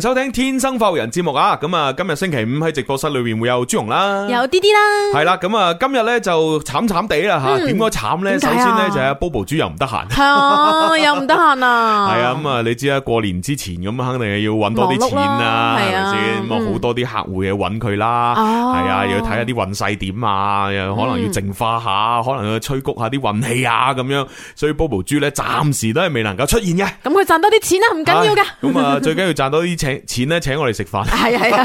收聽天生發人節目啊！咁啊，今日星期五喺直播室裏面會有朱紅啦，有啲啲啦，係啦，咁啊，今日咧就慘慘地啦吓，點解慘咧？首先咧就係 Bobo 豬又唔得閒，係啊，又唔得閒啊，係啊，咁啊，你知啦，過年之前咁肯定係要揾多啲錢啦，係咪先？咁啊，好多啲客戶嘅揾佢啦，係啊，又要睇下啲運勢點啊，又可能要淨化下，可能要催谷下啲運氣啊，咁樣，所以 Bobo 豬咧暫時都係未能夠出現嘅。咁佢賺多啲錢啦，唔緊要嘅。咁啊，最緊要賺多啲錢。請錢咧，請我哋食飯，係啊係啊，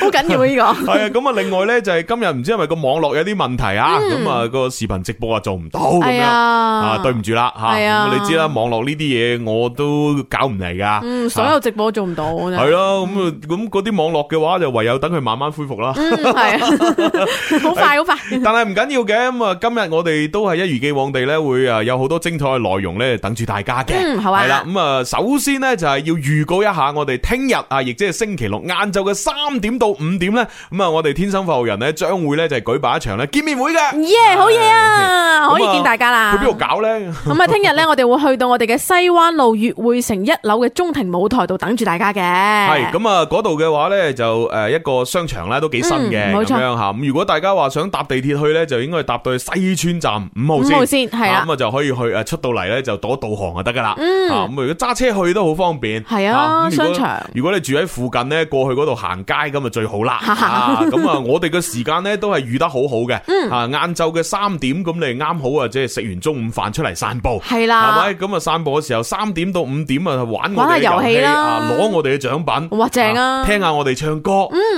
好緊要呢個。係啊，咁啊，啊，另外咧就係、是、今日唔知係咪個網絡有啲問題啊，咁啊、嗯嗯個視頻直播啊做唔到樣，咁、哎、呀啊，啊對唔住啦，係、哎、呀啊，你知啦，網絡呢啲嘢我都搞唔嚟噶，所有直播做唔到，係咯、啊，咁咁嗰啲網絡嘅話就唯有等佢慢慢恢復啦、嗯，係啊，好快好快，快但係唔緊要嘅，咁啊今日我哋都係一如既，既往地咧會啊有好多精彩嘅內容咧等住大家嘅，係啦、嗯，咁啊、嗯、首先咧就係、是、要預告一下我哋。聽日啊，亦即係星期六晏晝嘅三點到五點咧，咁啊，我哋天生服務人咧將會咧就係舉辦一場咧見面會嘅，耶 Yeah, 是，好嘢啊，那可以見大家啦。去邊度搞咧？咁啊，聽日咧我哋會去到我哋嘅西灣路悅匯城一樓嘅中庭舞台度等住大家嘅。 係咁啊，嗰度嘅話咧就誒一個商場咧都幾新嘅，冇錯吓。咁如果大家話想搭地鐵去咧，就應該搭到西村站五號線，五號線，係啊，咁啊就可以去誒出到嚟，咧就躲導航就得噶啦。嗯，咁如果揸車去都好方便。係啊的，果商場。如果你住喺附近呢，過去嗰度行街咁啊最好啦。咁 啊，我哋嘅時間呢，都係預得好好嘅。嗯、啊，晏晝嘅三點咁，你啱好啊，即係食完中午飯出嚟散步，係啦，係咪？咁啊，散步嘅時候，三點到五點啊，玩我哋遊戲，啊，攞我哋嘅獎品，哇正啊！啊聽下我哋唱歌，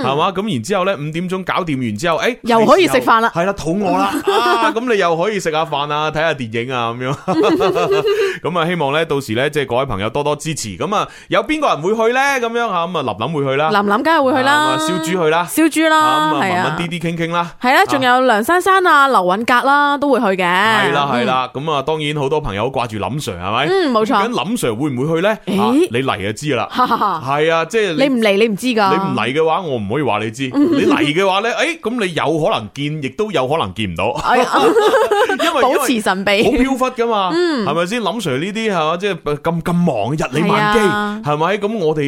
係嘛、嗯？咁然之後呢五點鐘搞掂完之後，誒、欸，又可以食飯啦，係啦、欸，肚餓啦，咁、 啊、你又可以食下飯啊，睇下電影啊，咁樣。咁 啊，希望呢，到時呢，即係各位朋友多多支持。咁啊，有邊個人會去呢？咧咁樣啊，咁啊林林會去啦，林林梗係會去啦，燒豬去啦，燒豬啦，咁啊慢慢啲啲傾傾啦，係啦，仲有梁珊珊啊、劉允格啦，都會去嘅，係啦，係啦，咁啊當然好多朋友掛住林 Sir 係咪？嗯，冇錯。咁林 Sir 會唔會去咧？誒，你嚟就知啦，係啊，即係你唔嚟你唔知噶，你唔嚟嘅話我唔可以話你知，你嚟嘅話咧，誒，咁你有可能見，亦都有可能見唔到，因為保持神秘，好飄忽噶嘛，係咪先？林 Sir 呢啲係嘛，即係咁咁忙，日理萬機，係咪？咁我哋。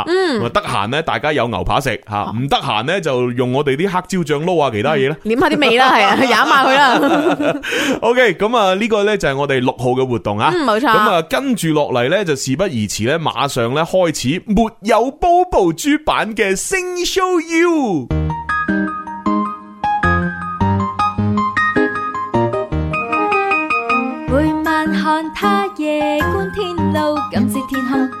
嗯，得閒呢大家有牛扒食吓，唔得閒呢就用我哋啲黑椒醬撈下其他嘢咧，捻下啲味啦，係啊，咬埋佢啦。OK，咁啊，呢個呢就係我哋六號嘅活動，嗯、啊，冇錯。咁啊，跟住落嚟呢，就事不宜遲呢馬上呢開始沒有 Bobo 豬版嘅星 show you，每晚看他夜觀天路，感知天空。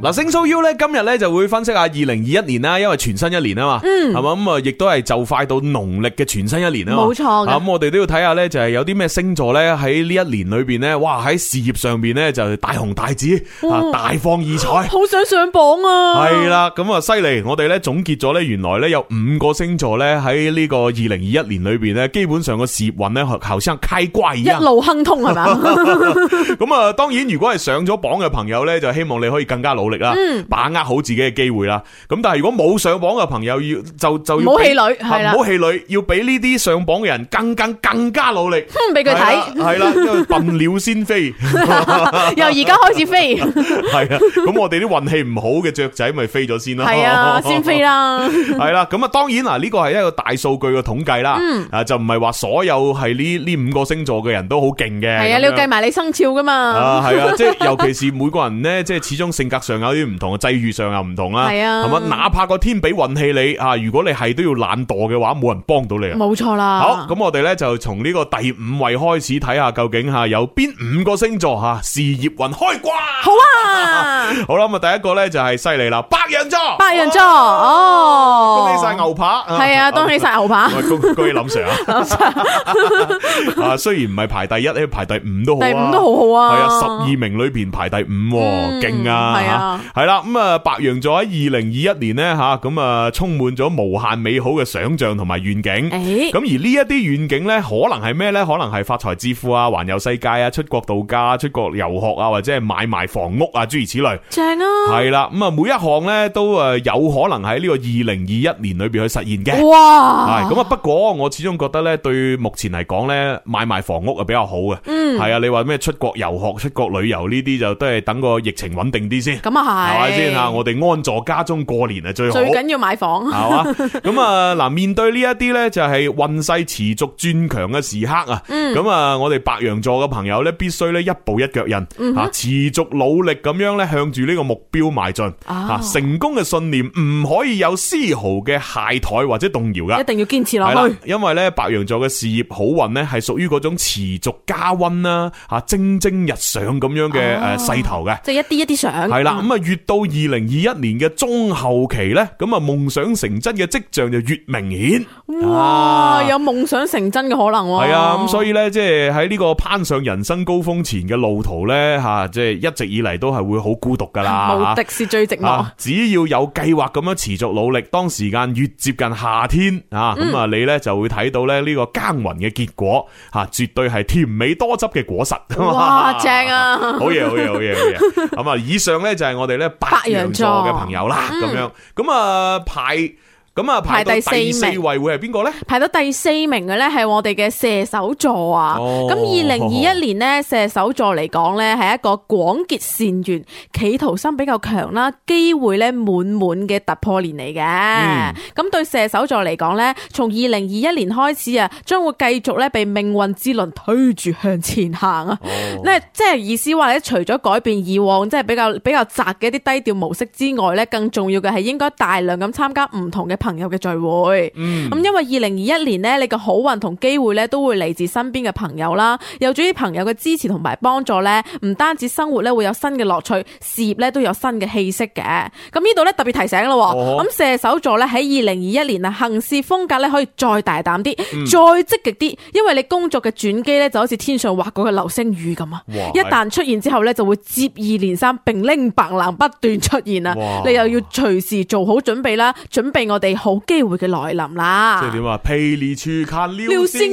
嗱，星 show you 咧，今日咧就會分析下二零二一年啦，因為全新一年啊嘛，係嘛咁啊，亦都係就快到農曆嘅全新一年啊嘛，冇錯。咁我哋都要睇下咧，就係有啲咩星座咧喺呢一年裏邊咧，哇喺事業上邊咧就大紅大紫，啊、嗯、大放異彩，好想上榜啊！係啦，咁啊犀利，我哋咧總結咗咧，原來咧有五個星座咧喺呢個二零二一年裏邊咧，基本上個事業運咧好似開掛，一路亨通係嘛？咁啊， 當然如果係上咗榜嘅朋友咧，就希望你可以更加努力。力啦，把握好自己嘅機會啦。咁但係如果冇上榜嘅朋友，要就就要冇氣餒係啦，冇氣餒，要俾呢啲上榜嘅人更更更加努力，俾佢睇。係啦，笨鳥先飛，由而家開始飛。係啊，咁我哋啲運氣唔好嘅雀仔，咪飛咗先咯。係啊，先飛啦。係啦，咁啊，當然嗱，呢個係一個大數據嘅統計啦。啊，就唔係話所有係呢呢五個星座嘅人都好勁嘅。係啊，你要計埋你生肖噶嘛。啊，係啊，即係尤其是每個人咧，即係始終性格上。有啲唔同嘅，際遇上又唔同啦，係啊，係嘛，哪怕個天俾運氣你啊，如果你係都要懶惰嘅話，冇人幫到你啊，冇錯啦。好，咁我哋咧就從呢個第五位開始睇下究竟吓有邊五個星座吓事業運開掛。好啊 好，好啦，咁啊，第一個咧就係犀利啦，白羊座，白羊座哦，恭喜晒牛扒，係啊，恭喜晒牛扒， 恭喜林 Sir 啊， 雖然唔係排第一，你排第五都好，第五都好好啊，係啊，十二、啊、名裏邊排第五，勁啊，係、嗯、啊。係啦，咁啊白羊座喺二零二一年呢，吓、啊，咁啊充滿咗無限美好嘅想象同埋願景。咁、欸、而呢一啲願景呢，可能係咩呢？可能係發財致富啊、環遊世界啊、出國度假、出國遊學啊，或者係買埋房屋啊，諸如此類。正啊，係啦，咁啊每一項呢，都誒有可能喺呢個二零二一年裏邊去實現嘅。哇，係咁啊！不過我始終覺得呢，對目前嚟講呢，買埋房屋係比較好嘅。嗯，係啊，你話咩出國遊學、出國旅遊呢啲就都係等個疫情穩定啲先。係咪先吓？我哋安坐家中過年啊，最好最緊要買房係嘛？咁啊嗱，面對呢一啲咧，就係運勢持續轉強嘅時刻啊！咁啊，我哋白羊座嘅朋友咧，必須咧一步一腳印啊，持續努力咁樣咧向住呢個目標邁進啊！成功嘅信念唔可以有絲毫嘅懈怠或者動搖噶，一定要堅持落去。係啦，因為咧白羊座嘅事業好運咧係屬於嗰種持續加溫啦，吓，蒸蒸日上咁樣嘅誒勢頭嘅，即係一啲一啲上係啦。咁啊，越到二零二一年嘅中後期呢，咁啊，夢想成真嘅跡象就越明顯。哇，有夢想成真嘅可能喎。係啊，咁、啊、所以呢，即係喺呢個攀上人生高峰前嘅路途呢，吓，即係一直以嚟都係會好孤獨噶啦。無敵是最寂寞。只要有計劃咁樣持續努力，當時間越接近夏天啊，咁啊、嗯，你呢就會睇到咧呢個耕耘嘅結果吓，絕對係甜美多汁嘅果實。哇，正啊！好嘢，好嘢，好嘢，好嘢。咁啊，以上呢就係、是。我哋咧白羊座嘅朋友啦，咁樣，嗯，咁啊排。咁啊，排第四名會係邊個咧？排到第四名嘅咧係我哋嘅射手座啊！咁二零二一年咧，射手座嚟講咧係一個廣結善緣、企圖心比較強啦，機會咧滿滿嘅突破年嚟嘅。咁、嗯、對射手座嚟講咧，從二零二一年開始啊，將會繼續咧被命運之輪推住向前行啊！即係、哦、意思話咧，除咗改變以往即係比較比較窄嘅一啲低調模式之外咧，更重要嘅係應該大量咁參加唔同嘅。嗯、的會會的朋友嘅聚會，咁因為二零二一年咧，你嘅好運同機會咧都會嚟自身邊嘅朋友啦。有咗啲朋友嘅支持同埋幫助咧，唔單止生活咧會有新嘅樂趣，事業咧都有新嘅氣息嘅。咁呢度咧特別提醒咯，咁、哦嗯、射手座咧喺二零二一年啊，行事風格咧可以再大膽啲，嗯、再積極啲，因為你工作嘅轉機咧就好似天上劃過嘅流星雨咁啊。哇一旦出現之後咧，就會接二連三、並拎白蘭不斷出現啊。哇你又要隨時做好準備啦，準備我哋。好機會嘅來臨啦！即係點啊？皮利處卡撩先，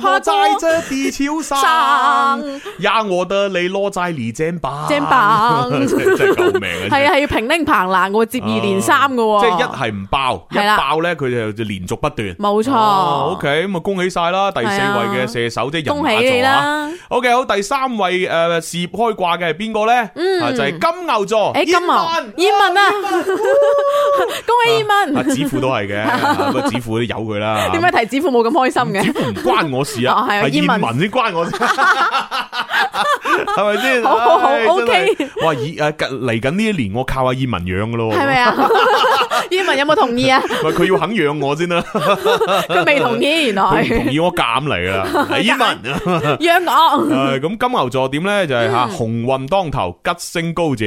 下齋啫地超生，呀我得，你羅齋你，正爆正爆真係救命嘅！係啊，係要平拎棚難嘅，接二連三嘅。即係一係唔爆，一爆咧佢就就連續不斷。冇錯，OK，咁啊恭喜晒啦！第四位嘅射手即係人馬座。恭喜你啦！OK，好，第三位誒，事業開掛嘅係邊個咧？嗯，就係金牛座。誒，金牛，英文啊！恭喜英文。子父都係嘅， 子父都有佢啦。點解提子父冇咁開心嘅？子父唔關我事啊，係葉、 哦啊、文先關我事，啊，係咪先？ 好好好、哎、OK。哇，葉誒嚟緊呢一年，我靠阿葉文養嘅咯，係咪啊？ 英文有冇同意啊？佢要肯養我先啦，佢未同意，原來同意我減嚟啦。英文，養我。咁金牛座點咧？就係吓鴻運當頭，吉星高照。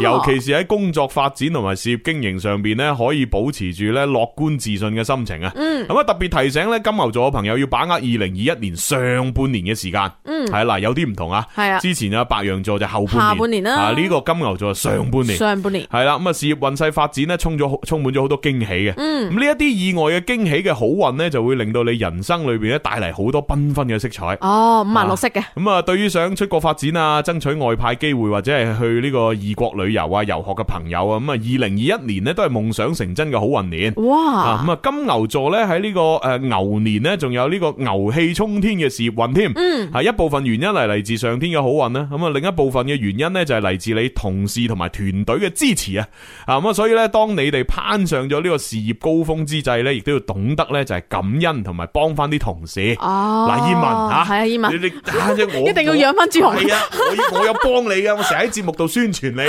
尤其是喺工作發展同埋事業經營上邊咧，可以保持住咧樂觀自信嘅心情啊。嗯，咁啊特別提醒咧，金牛座嘅朋友要把握二零二一年上半年嘅時間。嗯，係嗱，有啲唔同啊。係啊，之前啊白羊座就後半年，啊呢個金牛座上半年，上半年係啦。咁啊事業運勢發展咧，衝咗好。充滿咗好多驚喜嘅，咁呢一啲意外嘅驚喜嘅好運呢，就會令到你人生裏邊呢帶嚟好多繽紛嘅色彩。哦，五顏六色嘅。咁啊，對於想出國發展啊，爭取外派機會或者係去呢個異國旅遊啊、遊學嘅朋友啊，咁啊，二零二一年呢，都係夢想成真嘅好運年。哇！咁啊，金牛座呢，喺呢個誒牛年呢，仲有呢個牛氣沖天嘅事業運添。嗯，一部分原因係嚟自上天嘅好運啦。咁啊，另一部分嘅原因呢，就係嚟自你同事同埋團隊嘅支持啊。啊，咁啊，所以呢，當你哋。攀上咗呢個事業高峰之際咧，亦都要懂得咧就係感恩同埋幫翻啲同事。哦，嗱，葉文吓，係啊，葉文，啊，你你，我一定要養翻朱紅。係啊，我有幫你噶，我成日喺節目度宣傳你，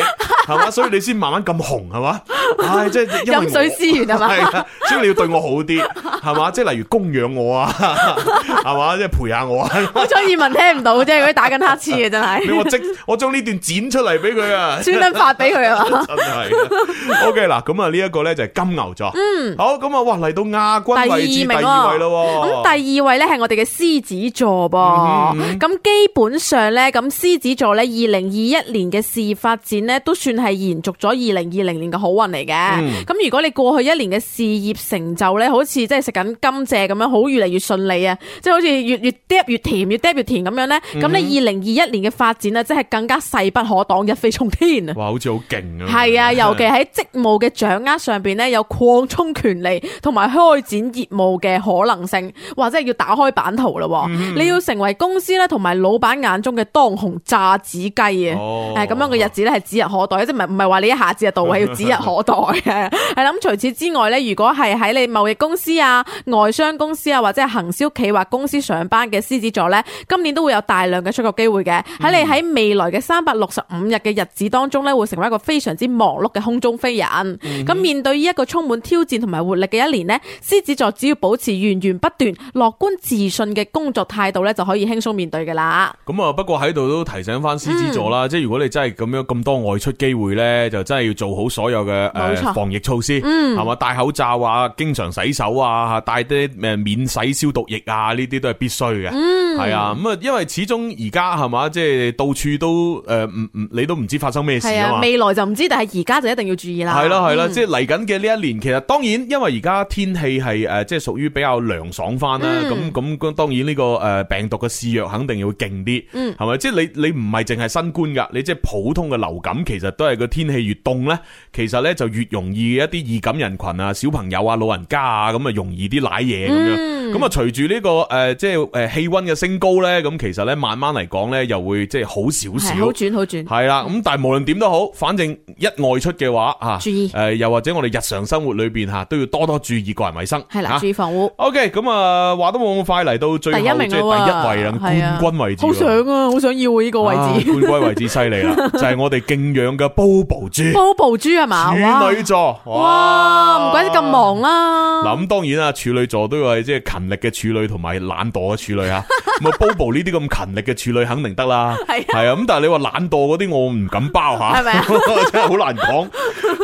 係嘛，所以你先慢慢咁紅，係嘛。唉、哎，即係飲水思源係嘛，啊，所以你要對我好啲，係嘛，即係例如供養我啊，係嘛，即係陪下我。就是、陪陪我锺葉文聽唔到啫，佢打緊乞嗤嘅真係。即 我即我將呢段剪出嚟俾佢啊，專登發俾佢啊。真係，O K 嗱，咁啊呢一個個咧就係金牛座，嗯，好，咁啊，哇，嚟到亞軍第二名，第二位咯，咁、嗯、第二位咧係我哋嘅獅子座噃，咁、嗯、基本上咧，咁獅子座咧，二零二一年嘅事業發展咧，都算係延續咗二零二零年嘅好運嚟嘅，咁、嗯、如果你過去一年嘅事業成就咧，好似即係食緊甘蔗咁樣，好越嚟越順利啊，即係好似越越 d r 越，越甜，越 d r 越，越甜咁樣咧，咁、嗯、你二零二一年嘅發展咧，即係更加勢不可擋，一飛沖天啊！哇，好似好勁啊！係啊，尤其喺職務嘅掌握上。上邊咧有擴充權利同埋開展業務嘅可能性，或者係要打開版圖咯，mm hmm. 你要成為公司咧同埋老闆眼中嘅當紅炸子雞啊！誒，咁樣嘅日子咧係指日可待，即係唔係唔係話你一下子就到，係 要指日可待嘅。係啦，咁除此之外咧，如果係喺你貿易公司啊、外商公司啊或者係行銷企劃公司上班嘅獅子座咧，今年都會有大量嘅出國機會嘅。喺、mm hmm. 你喺未來嘅三百六十五日嘅日子當中咧，會成為一個非常之忙碌嘅空中飛人。咁、mm hmm. 面。面對一個充滿挑戰同埋活力嘅一年呢，獅子座只要保持源源不斷、樂觀自信嘅工作態度咧，就可以輕鬆面對噶啦。咁啊、嗯，不過喺度都提醒翻獅子座啦，即係如果你真係咁樣咁多外出機會咧，就真係要做好所有嘅、呃、防疫措施，係嘛、嗯，戴口罩啊，經常洗手啊，帶啲免洗消毒液啊，呢啲都係必須嘅。係啊、嗯，咁啊，因為始終而家係嘛，即係到處都誒唔唔，你都唔知發生咩事啊嘛。未來就唔知，但係而家就一定要注意啦。係啦係啦，即係、啊緊嘅呢一年，其實當然，因為而家天氣係誒，即係屬於比較涼爽翻啦。咁咁、嗯、當然呢個誒病毒嘅肆虐肯定要勁啲，係咪、嗯？即係、就是、你你唔係淨係新冠噶，你即係普通嘅流感，其實都係個天氣越凍咧，其實咧就越容易一啲易感人群啊、小朋友啊、老人家啊咁啊，容易啲瀨嘢咁樣。咁啊、這個，隨住呢個誒即係誒氣溫嘅升高咧，咁其實咧慢慢嚟講咧，又會即係好少少，好轉好轉係啦。咁但係無論點都好，反正一外出嘅話注意啊，誒又或我哋日常生活裏邊吓，都要多多注意個人衛生。係啦，注意防護。OK，咁啊，話都冇咁快嚟到最後第一名啦，即係第一位啦，冠軍位置。好想啊，好想要呢個位置，冠軍位置犀利啦，就係我哋敬仰嘅 Bobo 豬。Bobo 豬係嘛？處女座哇，唔怪得咁忙啦。嗱咁，當然啦，處女座都要係即係勤力嘅處女，同埋懶惰嘅處女啊。咁啊，Bobo 呢啲咁勤力嘅處女肯定得啦。係啊，係啊，咁但係你話懶惰嗰啲，我唔敢包吓，係咪啊？真係好難講。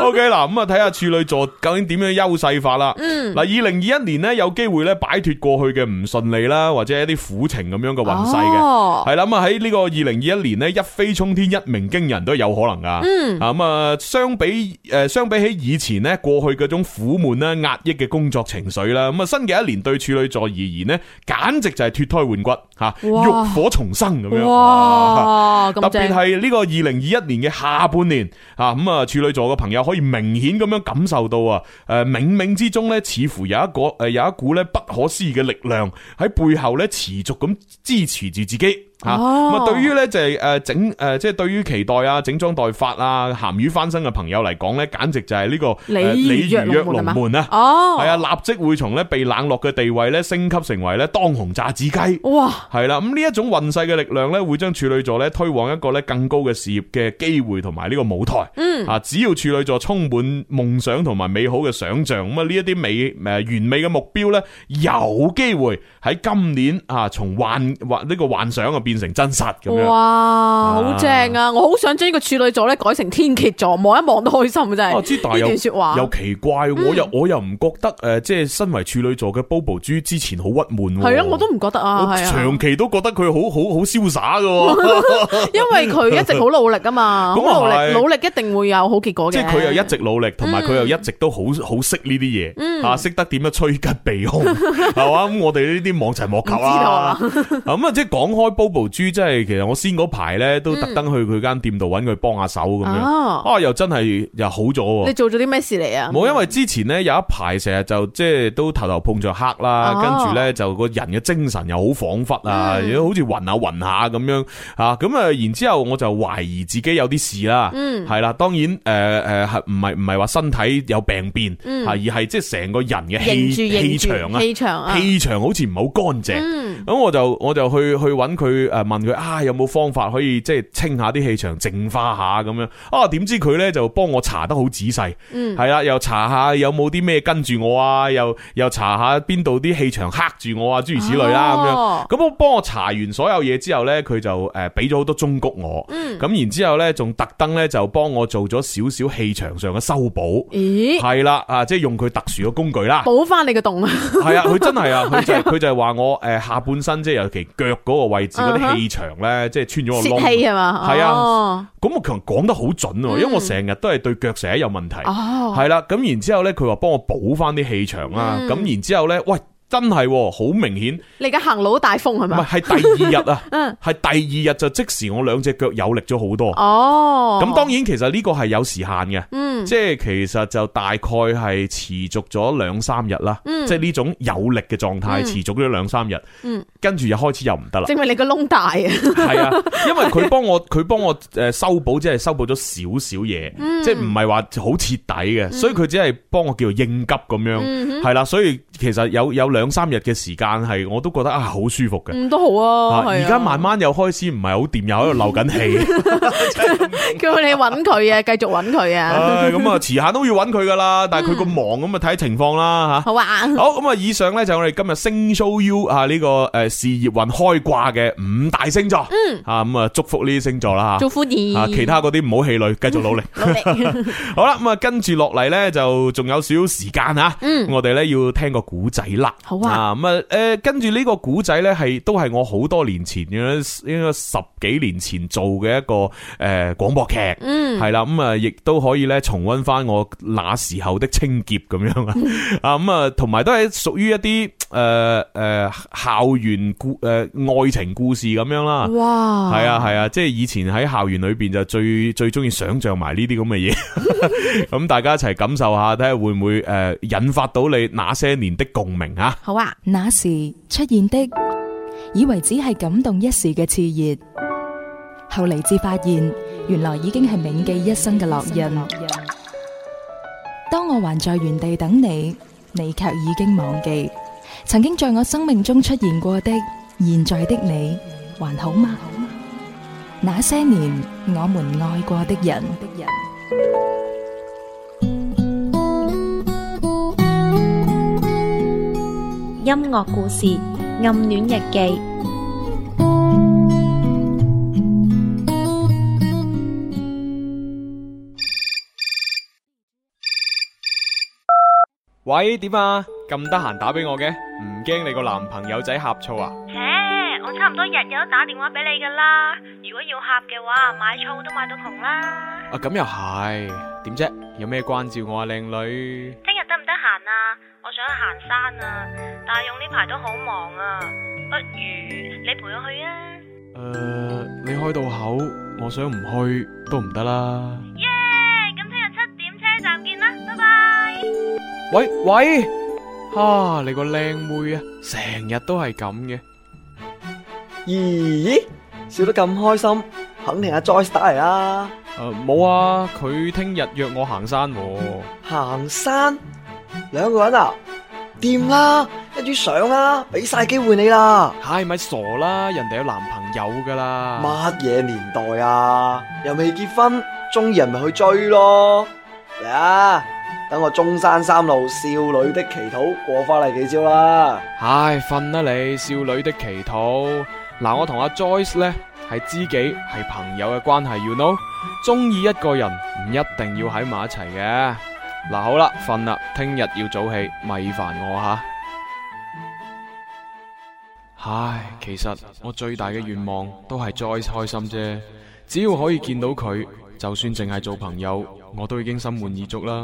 OK，嗱咁啊，睇下。處女座究竟點樣優勢法啦？嗱、嗯，二零二一年呢，有機會咧擺脫過去嘅唔順利啦，或者一啲苦情咁樣嘅運勢嘅，係啦。咁啊喺呢個二零二一年呢，一飛沖天、一鳴驚人都有可能噶。咁啊、嗯，相比誒，相比起以前呢，過去嗰種苦悶啦、壓抑嘅工作情緒啦，咁啊，新嘅一年對處女座而言呢，簡直就係脫胎換骨，吓哇，浴火重生咁樣。哇咁正特別係呢個二零二一年嘅下半年，吓咁啊，處女座嘅朋友可以明顯咁樣感受到啊，誒，冥冥之中咧，似乎有一個誒有一股咧不可思議嘅力量喺背後咧持續咁支持住自己。吓，啊、哦，對於咧就係誒整誒，即係對於期待啊整裝待發啊鹹魚翻身嘅朋友嚟講咧，簡直就係呢個鯉魚躍龍門啊，係、哦、啊，立即會從咧被冷落嘅地位咧升級成為咧當紅炸子雞，哇，係啦、啊，咁呢一種運勢嘅力量咧，會將處女座咧推往一個咧更高嘅事業嘅機會同埋呢個舞台，嗯，啊，只要處女座充滿夢想同埋美好嘅想象，咁啊呢一啲美誒完美嘅目標咧，有機會喺今年啊從幻幻呢、這個幻想入邊。變成真實咁樣哇，好正啊！我好想將呢個處女座咧改成天蠍座，望一望都開心啊！真係，呢段說話又奇怪，我又我又唔覺得誒，即係身為處女座嘅 Bobo 豬之前好鬱悶係啊，我都唔覺得啊，長期都覺得佢好好好瀟灑噶，因為佢一直好努力啊嘛，咁努力，努力一定會有好結果嘅，即係佢又一直努力，同埋佢又一直都好好識呢啲嘢，啊識得點樣趨吉避凶係嘛，咁我哋呢啲望就係莫及啊，咁啊即係講開 Bobo。豬真係，其實我先嗰排咧都特登去佢間店度揾佢幫下手咁樣，嗯、啊又真係又好咗。你做咗啲咩事嚟啊？冇，因為之前咧有一排成日就即係都頭頭碰着黑啦，哦、跟住咧就個人嘅精神又彷彷、嗯、好恍惚啊，好似暈下暈下咁樣咁啊，然之後我就懷疑自己有啲事啦，係啦、嗯，當然誒誒係唔係唔係話身體有病變、嗯、而係即係成個人嘅氣氣場啊，氣場氣場好似唔係好乾淨。咁、嗯、我就我就去去揾佢。誒，問佢啊，有冇方法可以即係清下啲氣場，淨化下咁樣啊？點知佢咧就幫我查得好仔細，嗯，係啦，又查下有冇啲咩跟住我啊，又又查下邊度啲氣場克住我啊，諸如此類啦咁、哦、樣。咁我幫我查完所有嘢之後咧，佢就誒俾咗好多中谷我，嗯，咁然之後咧仲特登咧就幫我做咗少少氣場上嘅修補，咦，係啦啊，即係用佢特殊嘅工具啦，補翻你個洞啊，係啊，佢真係啊，佢就佢、是、就係、是、話了我誒下半身即係尤其腳嗰個位置。嗯啲氣場咧，uh huh、即係穿咗個窿，係啊，咁、哦、我強講得好準喎，嗯、因為我成日都係對腳成日有問題，係啦、嗯，咁然之後咧，佢話幫我補翻啲氣場啦，咁然之後咧，喂。真係喎，好明顯，你而家行路大風係咪？唔係，係第二日啊，係第二日就即時我兩隻腳有力咗好多哦。咁當然其實呢個係有時限嘅，嗯，即係其實就大概係持續咗兩三日啦，即係呢種有力嘅狀態持續咗兩三日，嗯，跟住又開始又唔得啦，證明你個窿大啊，係啊，因為佢幫我佢幫我誒修補，即係修補咗少少嘢，即係唔係話好徹底嘅，所以佢只係幫我叫做應急咁樣，係啦，所以其實有有兩。兩三日嘅時間係，我都覺得啊好舒服嘅。咁都、嗯、好啊。而家、啊、慢慢又開始唔係好掂，又喺度漏緊氣。 叫你揾佢啊，繼續揾佢啊。咁啊，遲下都要揾佢噶啦。但係佢個忙咁啊，睇、嗯、情況啦吓。好啊。好咁啊，以上咧就係我哋今日星 show you 啊呢個誒事業運開掛嘅五大星座。嗯。啊咁啊，祝福呢啲星座啦吓。祝福你。啊，其他嗰啲唔好氣餒，繼續努力。努力 好啦，咁啊，跟住落嚟咧就仲有少少時間啊。嗯。我哋咧要聽個古仔啦。好啊，咁啊，誒、嗯呃，跟住呢個古仔咧，係都係我好多年前應該十幾年前做嘅一個誒廣、呃、播劇、嗯，嗯，係啦，咁啊，亦都可以咧重溫翻我那時候的清潔咁樣啊，啊、 嗯，咁啊，同埋都係屬於一啲。誒誒、呃呃，校園故誒、呃、愛情故事咁樣啦，係哇 啊，係啊，即係以前喺校園裏邊就最最中意想象埋呢啲咁嘅嘢，咁 大家一齊感受下，睇下會唔會誒、呃、引發到你那些年的共鳴啊？好啊，那時出現的，以為只係感動一時嘅熾熱，後嚟至發現，原來已經係銘記一生嘅烙印。當我還在原地等你，你卻已經忘記。曾經在我生命中出現過的，現在的你還好嗎？那些年我們愛過的人的人，音樂故事《暗戀日記》。喂，點啊？咁得閒打俾我嘅，唔驚你個男朋友仔呷醋啊？切、欸，我差唔多日日都打電話俾你噶啦。如果要呷嘅話，買醋都買到窮啦，啊。啊，咁又係？點啫？有咩關照我啊，靚女？聽日得唔得閒啊？我想去行山啊，大勇呢排都好忙啊。不如你陪我去啊？誒、呃，你開到口，我想唔去都唔得啦。喂喂，哈！你個靚妹啊，成日都係咁嘅。咦？笑得咁開心，肯定係 Joyce 打嚟啦。誒，冇啊，佢聽日約我行山。行山？兩個人啊，掂啦，一於相啦，俾晒機會你啦。唉，咪傻啦，人哋有男朋友噶啦。乜嘢年代啊？又未結婚，中意人咪去追咯。嚟啊！等我中山三路少女的祈禱過返嚟幾招啦！唉，瞓啦你，少女的祈禱。嗱、啊，我同阿 Joyce 呢，係知己係朋友嘅關係，要 you know。中意一個人唔一定要喺埋一齊嘅。嗱、啊，好啦，瞓啦，聽日要早起，咪煩我吓、啊。唉，其實我最大嘅願望都係 Joyce 開心啫。只要可以見到佢，就算淨係做朋友，我都已經心滿意足啦。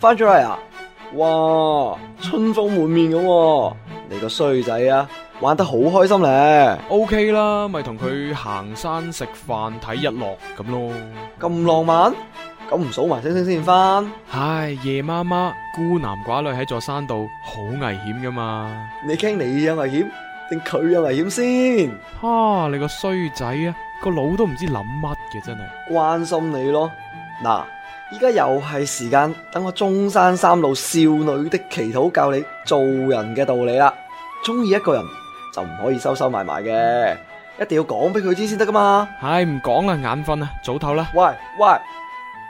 翻咗嚟啊！哇，春風滿面咁喎，你個衰仔啊，玩得好開心咧。O K 啦，咪同佢行山、食飯、睇日落咁咯。咁浪漫，咁唔數埋星星先翻。唉，夜媽媽孤男寡女喺座山度，好危險噶嘛。你驚你有危險定佢有危險先？哈，你個衰仔啊，個腦都唔知諗乜嘅真係。關心你咯，嗱。依家又係時間，等我中山三路少女的祈禱教你做人嘅道理啦。中意一個人就唔可以收收埋埋嘅，一定要講俾佢知先得噶嘛。唉，唔講啦，眼瞓啊，早唞啦。喂喂，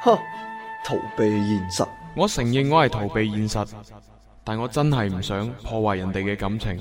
哼，逃避現實。我承認我係逃避現實，但我真係唔想破壞人哋嘅感情。.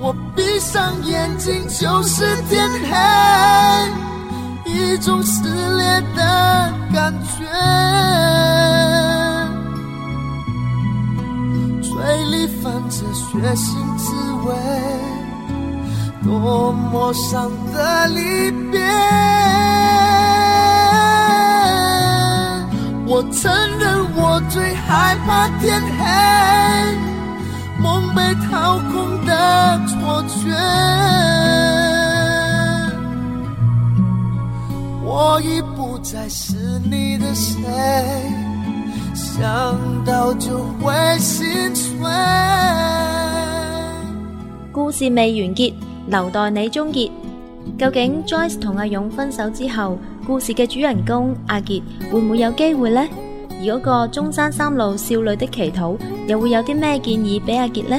我閉上眼睛就是天黑，一種撕裂的感覺，嘴裏泛着血腥滋味，多麼傷的離別。我承認，我最害怕天黑。夢被掏空的錯覺，我已不再是你的誰。想到就會心碎。故事未完結，留待你終結。究竟 Joyce 同阿勇分手之後，故事嘅主人公阿杰會唔會有機會呢？如果個中山三路少女的祈禱，又會有啲咩建議俾阿杰呢？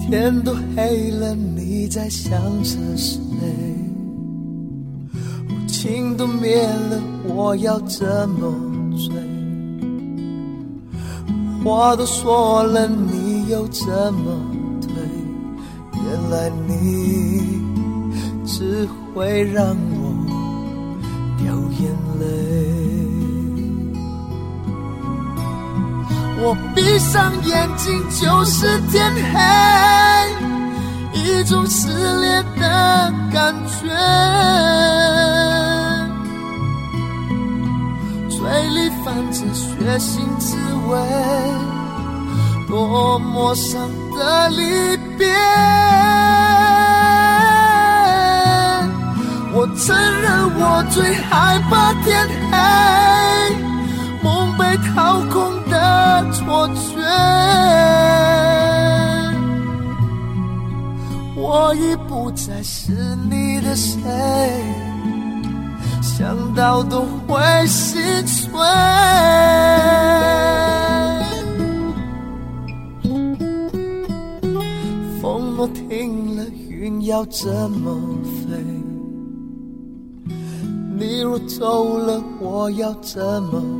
天都黑了，你在想着誰？情都滅了，我要怎麼追？話都說了，你又怎麼退？原來你只會讓我掉眼淚。我閉上眼睛就是天黑，一種撕裂的感覺，嘴裏泛着血腥滋味，多麼傷的離別。我承認我最害怕天黑，夢被掏空。的錯覺，我已不再是你的誰，想到都會心碎。風若停了，雲要怎麼飛？你若走了，我要怎麼？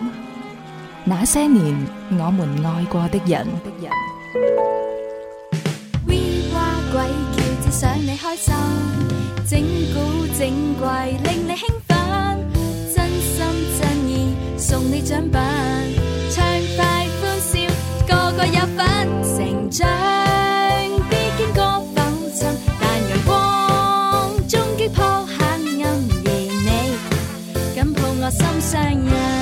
那些年我們愛過的人。We 哇 鬼叫，只想你開心，整古整怪令你興奮，真心真意送你獎品，暢快歡笑，個個有份，成長必經過浮沉，但陽光終擊破黑暗而美，而你敢抱我心上人。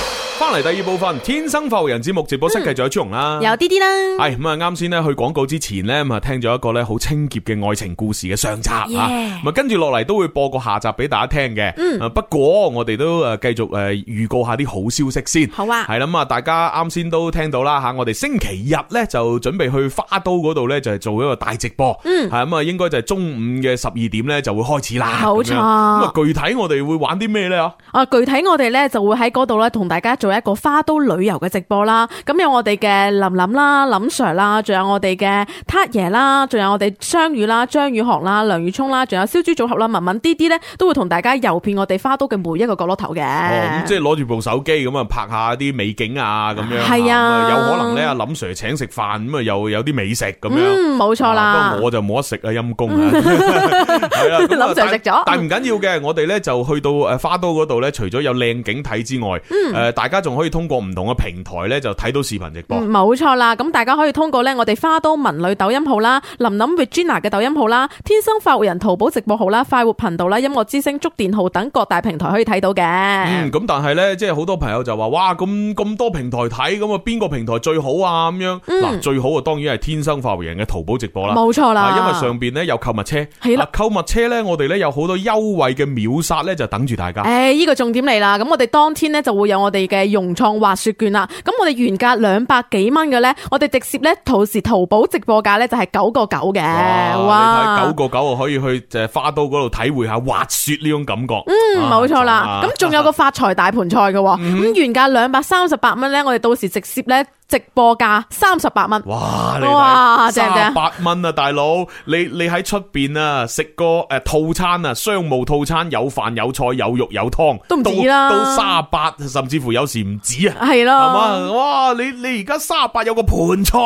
翻嚟第二部分《天生浮人》節目直播室，繼續有朱紅啦對，有啲啲啦。係咁啊，啱先咧去廣告之前呢，咁啊，聽咗一個咧好清潔嘅愛情故事嘅上集 Yeah 啊，跟住落嚟都會播個下集俾大家聽嘅。嗯、不過我哋都誒繼續誒預、呃、告一下啲好消息先。好啊，係啦，咁啊，大家啱先都聽到啦吓、啊，我哋星期日呢，就準備去花都嗰度呢，就係做一個大直播。嗯，嗯，係咁啊，應該就係中午嘅十二點呢，就會開始啦。冇錯沒錯，咁啊，具體我哋會玩啲咩咧？哦、啊，具體我哋呢，就會喺嗰度咧同大家做。一個花都旅遊嘅直播啦，咁有我哋嘅林林啦、林 Sir 啦，仲有我哋嘅撻爺啦，仲有我哋張宇啦、張宇航啦、梁宇聰啦，仲有燒豬組合啦，文文啲啲咧都會同大家遊遍我哋花都嘅每一個角落頭嘅。哦，咁即係攞住部手機咁啊，拍下啲美景啊，咁樣係啊，有可能咧啊林 Sir 請食飯，咁啊又有啲美食咁樣，嗯，冇錯啦。我就冇得食啊，陰公啊，林 Sir 食咗，但係唔緊要嘅，我哋咧就去到誒花都嗰度咧，除咗有靚景睇之外，誒大家。仲可以通過唔同嘅平台咧，就睇到視頻直播。嗯。冇錯啦，咁大家可以通過咧我哋花都文旅抖音號啦，琳琳 v i n a 嘅抖音號啦，天生發活人淘寶直播號啦，快活頻道啦，音樂之聲觸電號等各大平台可以睇到嘅。嗯，咁但係咧，即係好多朋友就話，哇，咁咁多平台睇，咁啊邊個平台最好啊？咁樣，嗱、嗯、最好啊，當然係天生快活人嘅淘寶直播啦。冇錯錯啦，啊，因為上邊咧有購物車，係對啦，啊，購物車咧我哋咧有好多優惠嘅秒殺咧，就等住大家、欸。誒，呢個重點嚟啦，咁我哋當天咧就會有我哋嘅。係融創滑雪券啦，咁我哋原價兩百幾蚊嘅呢，我哋直接呢，同時淘寶直播價呢就係九個九嘅，哇！九個九啊，九個九我可以去花都嗰度體會下滑雪呢種感覺。嗯，冇錯啦，咁仲、啊、有個發財大盤菜嘅，咁哈原價兩百三十八蚊呢，我哋到時直接呢。直播價三十八蚊，哇，正唔正，三十八蚊啊，大佬，你你喺出邊啊食個誒套餐啊商務套餐有飯有菜有肉有湯，都唔止啦，都三十八，甚至乎有時唔止啊，係咯，係嘛，哇，你你而家三十八有個盤菜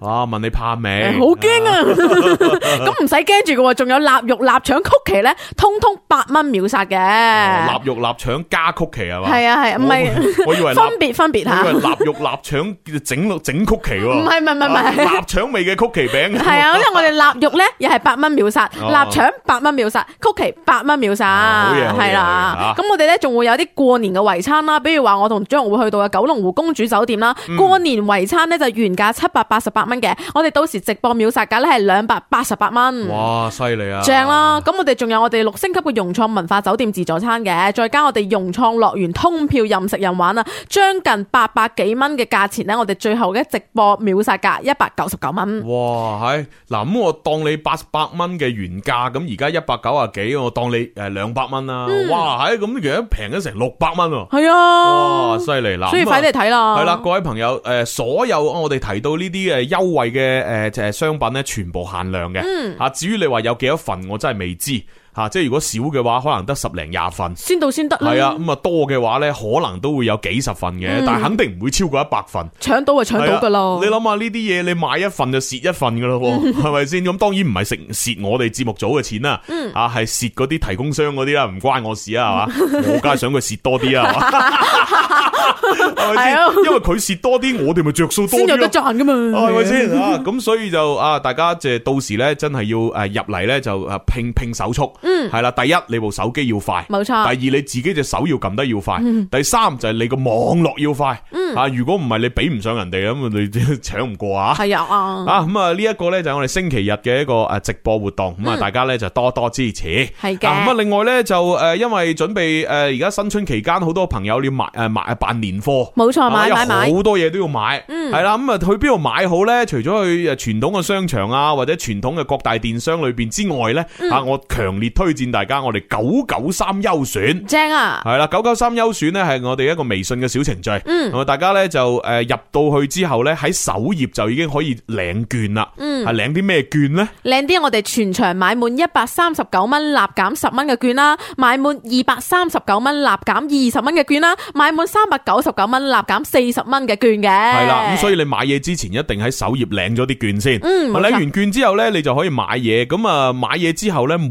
啊？問你怕未？好驚啊！咁唔使驚住嘅，仲有臘肉臘腸曲奇咧，通通八蚊秒殺嘅，臘肉臘腸加曲奇係嘛？係啊係，唔係，我以為分別分別吓，以為臘肉臘腸。整六整曲奇喎，唔係唔係唔係，臘腸味嘅曲奇餅。係啊， 因為我哋臘肉咧又係八蚊秒殺，臘腸，哦，八蚊秒殺，曲奇八蚊秒殺，係啦、哦。咁的厲害我哋咧仲會有啲過年嘅圍餐啦，比如話我同張會去到嘅九龍湖公主酒店啦，過年圍餐咧就原價七百八十八蚊嘅，我哋到時直播秒殺價咧係兩百八十八蚊。哇，犀利啊！正啦，咁我哋仲有我哋六星級嘅融創文化酒店自助餐嘅，再加我哋融創樂園通票任食任玩啊，將近八百幾蚊嘅價錢咧，我哋。最後嘅直播秒殺價一百九十九蚊，哇！係嗱，咁我當你八十八蚊嘅原價，咁而家一百九啊幾，我當你誒兩百蚊啦，嗯、哇！係咁，而家平咗成六百蚊，係啊，嗯、哇！犀利啦，是啊、所以快啲嚟睇啦，係、啊、啦，各位朋友，誒、呃，所有我哋提到呢啲誒優惠嘅誒即係商品咧，全部限量嘅，嗯，啊，至於你話有幾多份，我真係未知。吓，即係如果少嘅話，可能得十零廿份。先到先得。係啊，咁啊多嘅話咧，可能都會有幾十份嘅，嗯、但係肯定唔會超過一百份。搶到，搶到啊，搶到噶咯。你諗下呢啲嘢，你買一份就蝕一份噶咯，係咪先？咁當然唔係食蝕我哋節目組嘅錢啦，啊係蝕嗰啲提供商嗰啲啦，唔關我事啊，係嘛、嗯？我梗係想佢蝕多啲啊，啦。 係啊，因為佢蝕多啲，我哋咪着數多。先有得賺噶嘛，係咪先啊？咁所以就啊，大家即係到時咧，真係要誒入嚟咧就誒拼拼手速。嗯，係啦，第一你部手機要快，冇錯。第二你自己隻手要撳得要快。第三就係你個網絡要快。啊，如果唔係你比唔上人哋咁，你搶唔過啊？係啊，啊咁啊，呢一個咧就係我哋星期日嘅一個誒直播活動，咁啊大家咧就多多支持。係咁啊，另外咧就誒，因為準備誒而家新春期間，好多朋友要買誒買年貨冇錯，買買買好多嘢都要買，嗯，係啦，咁啊去邊度買好咧？除咗去誒傳統嘅商場啊，或者傳統嘅各大電商裏邊之外咧，啊，我強烈推薦大家我哋九九三優選，正啊，係啦，九九三優選咧係我哋一個微信嘅小程序，咁啊，大家咧就誒入到去之後咧喺首頁就已經可以領券啦，嗯，係領啲咩券咧？領啲我哋全場買滿一百三十九蚊立減十蚊嘅券啦，買滿二百三十九蚊立減二十蚊嘅券啦，買滿三百。九十九蚊立減四十蚊嘅券嘅，係啦，咁所以你買嘢之前一定喺首頁領咗啲券先。嗯，領完券之後咧，你就可以買嘢。咁啊，買嘢之後咧，每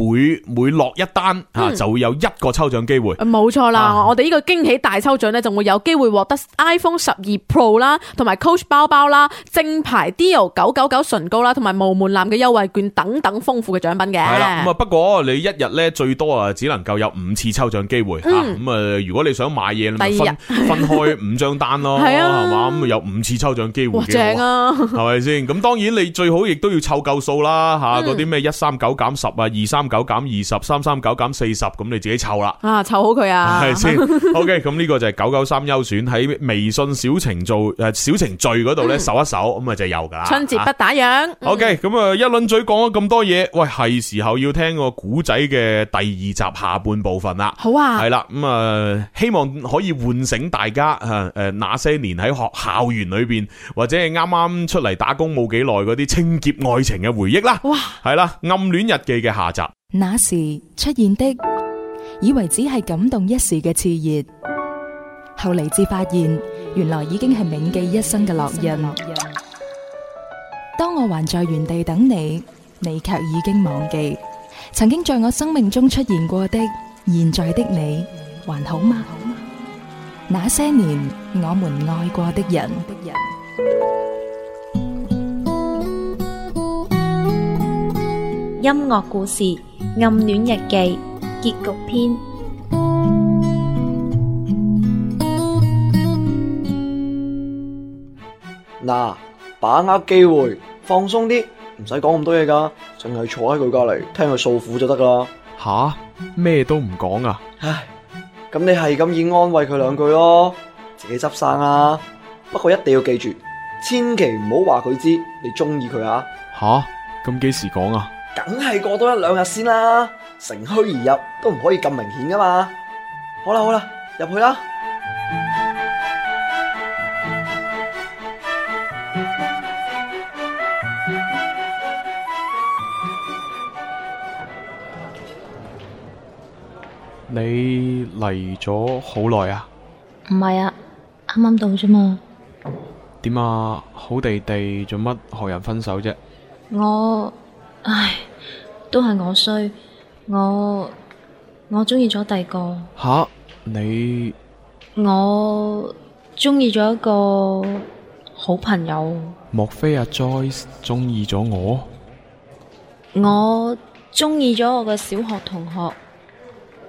每落一單啊，就會有一個抽獎機會。冇錯啦，我哋呢個驚喜大抽獎咧，就會有機會獲得 iPhone 十二 Pro 啦，同埋 Coach 包包啦，正牌 Dior 九九九唇膏啦，同埋無門檻嘅優惠券等等豐富嘅獎品嘅。係啦，咁啊，不過你一日咧最多啊，只能夠有五次抽獎機會。嗯，咁啊，如果你想買嘢，第二日分。開五張單咯。係啊，係嘛，咁有五次抽獎機會，正啊，係咪先？咁當然你最好亦都要湊夠數啦，吓嗰啲咩一三九減十啊，二三九減二十，三三九減四十，咁你自己湊啦。啊，湊好佢啊，係先吧 ？OK，咁呢個就係九九三優選喺微信小程序誒小程序嗰度咧搜一搜，咁咪、嗯、就有噶啦。春節不打烊。OK，咁啊一輪嘴講咗咁多嘢，喂，係時候要聽個古仔嘅第二集下半部分啦。好啊，係啦，咁啊、呃、希望可以喚醒大。家吓誒，那些年喺學校園裏邊，或者係啱啱出嚟打工冇幾耐嗰啲清潔愛情嘅回憶啦，哇，係啦，暗戀日記嘅下集。那時出現的，以為只係感動一時嘅熾熱，後嚟至發現，原來已經係銘記一生嘅烙印。當我還在原地等你，你卻已經忘記，曾經在我生命中出現過的，現在的你，還好嗎？那些年我們愛過的人。音樂故事《暗戀日記》結局篇。嗱、啊，把握機會，放鬆啲，唔使講咁多嘢噶，淨係坐喺佢隔籬聽佢訴苦就得噶啦。吓，咩都唔講啊？唉、啊。 咁你係咁意安慰佢兩句咯，自己執生啦。不過一定要記住，千祈唔好話佢知你中意佢啊。吓，咁幾時講啊？梗係過多一兩日先啦。乘虛而入都唔可以咁明顯噶嘛。好啦好啦，入去啦。你嚟咗好耐啊？唔係啊，啱啱到啫嘛。點啊？好地地做乜？學人分手啫？啊？我唉，都係我衰。我我中意咗第二個。吓你？我中意咗一個好朋友。莫非阿 Joyce 中意咗我？我中意咗我嘅小學同學。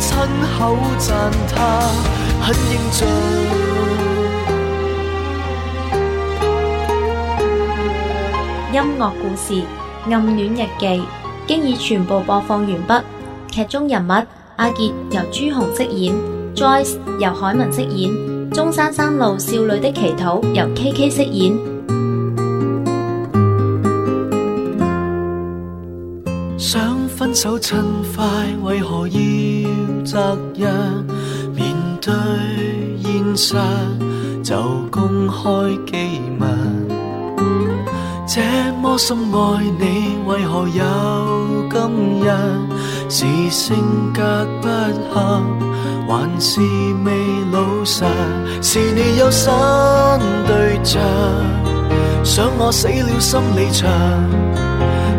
親口讚他，很認真。音樂故事《暗戀日記》經已全部播放完畢。劇中人物阿杰由朱紅飾演 ，Joyce 由海文飾演，中山三路少女的祈禱由 KK 飾演。分手趁快，為何要擇日？面對現實就公開秘密。這麼深愛你，為何有今日？是性格不合，還是未老實？是你有新對象，想我死了心離場。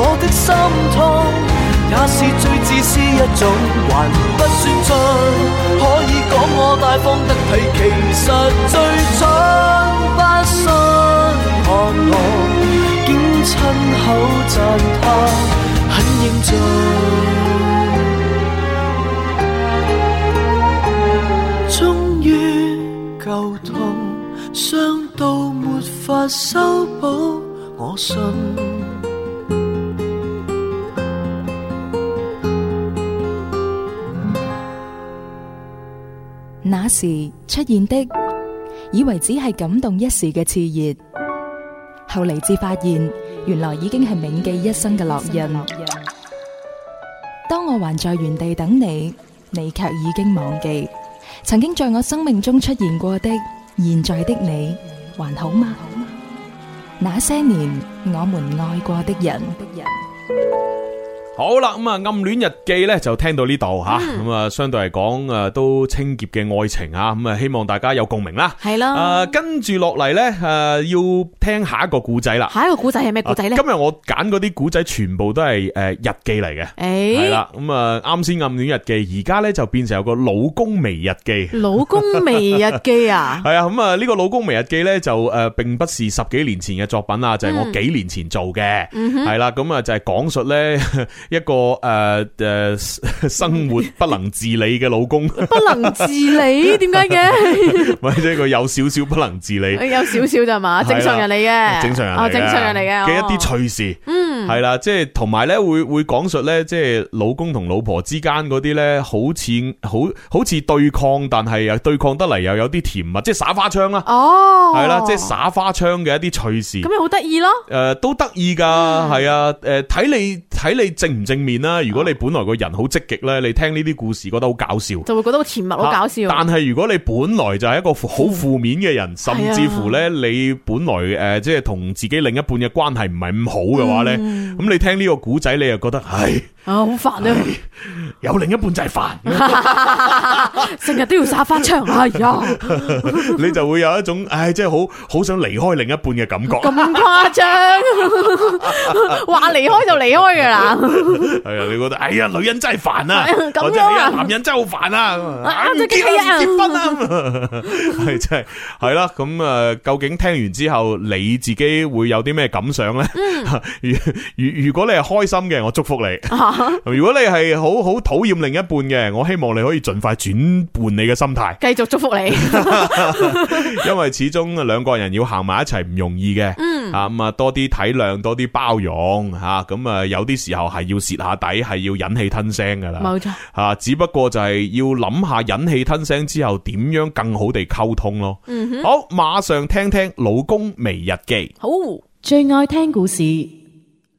我的心痛也是最自私一種，還不算盡，可以講我大方得體。其實最蠢，不信看我，竟親口讚他很英俊。終於夠痛，傷到沒法修補，我心。時出現的，以為只係感動一時嘅熾熱，後嚟至發現，原來已經係銘記一生嘅烙印。當我還在原地等你，你卻已經忘記曾經在我生命中出現過的，現在的你還好嗎？那些年我們愛過的人。好啦，咁啊暗戀日記咧就聽到呢度吓，咁啊、嗯、相對嚟講誒都清潔嘅愛情啊，咁啊希望大家有共鳴啦。係啦，誒跟住落嚟咧誒要聽下一個古仔啦。下一個古仔係咩古仔咧？今日我揀嗰啲古仔全部都係誒日記嚟嘅。誒、欸，係啦，咁啊啱先暗戀日記，而家咧就變成有個老公微日記。老公微日記啊？係啊， 咁啊呢個老公微日記咧就誒、呃、並不是十幾年前嘅作品啊，就係、是、我幾年前做嘅、嗯。嗯哼，係啦，咁啊就係、是、講述咧。一個誒誒、呃呃、生活不能自理嘅老公， 不能自理，點解嘅？或者 一個有少少不能自理，有少少就係嘛，正常人嚟嘅，正常人嚟嘅，嘅、哦、一啲趣事，嗯、哦，係啦，即係同埋咧會會講述咧，即係老公同老婆之間嗰啲咧，好似好好似對抗，但係又對抗得嚟，又有啲甜蜜，即係耍花槍啦、啊，哦，係啦，即係耍花槍嘅一啲趣事，咁又好得意咯，誒、呃，都得意噶，係、嗯、啊，誒、呃，睇你。睇你正唔正面啦。如果你本來個人好積極咧，你聽呢啲故事覺得好搞笑，就會覺得好甜蜜，好搞笑。啊、但係如果你本來就係一個好負面嘅人，嗯、甚至乎咧你本來誒，即係同自己另一半嘅關係唔係咁好嘅話咧，咁、嗯嗯、你聽呢個古仔，你又覺得唉啊好煩啊！有另一半就係煩、啊，成 日 都要耍花槍，哎呀， 你就會有一種誒，即係好好想離開另一半嘅感覺。咁誇張，話 離開就離開嘅。係啊、 哎，你覺得？哎呀，女人真係煩啊！咁啊，男人真係好煩啊！結婚、啊、結婚啊，係、啊啊、 真係係啦。咁啊究竟聽完之後你自己會有啲咩感想咧？如如、嗯、 如果你係開心嘅，我祝福你；啊、如果你係好好討厭另一半嘅，我希望你可以盡快轉換你嘅心態。繼續祝福你， 因為始終兩個人要行埋一齊唔容易嘅。嗯啊，咁啊，多啲體諒，多啲包容，吓咁啊，有啲。時候係要蝕下底，係要忍氣吞聲噶啦，冇錯吓。只不過就係要諗下忍氣吞聲之後點樣更好地溝通咯。嗯哼，好，馬上聽聽老公微日記。好，最愛聽故事，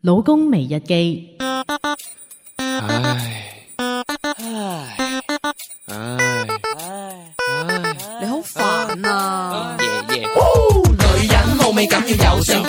老公微日記。唉唉唉唉，唉唉唉你好煩啊！爺爺，yeah, yeah 哦、女人冇味感要有性。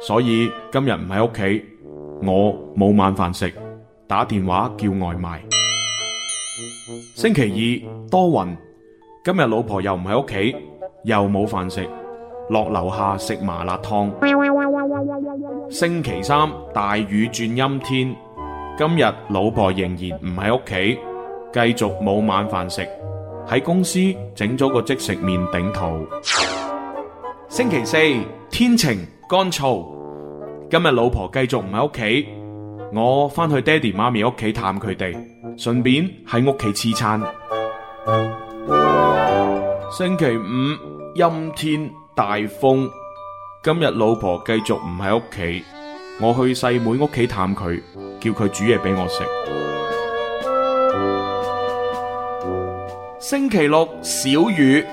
所以今日唔喺屋企，我冇晚飯食，打電話叫外賣。星期二多雲，今日老婆又唔喺屋企，又冇飯食，落樓下食麻辣燙。星期三大雨轉陰天，今日老婆仍然唔喺屋企，繼續冇晚飯食，喺公司整咗個即食麵頂肚。星期四天晴。乾燥。今日老婆繼續唔喺屋企，我翻去爹哋媽咪屋企探佢哋，順便喺屋企黐餐。 星期五陰天大風，今日老婆繼續唔喺屋企，我去細妹屋企探佢，叫佢煮嘢俾我食。 星期六小雨，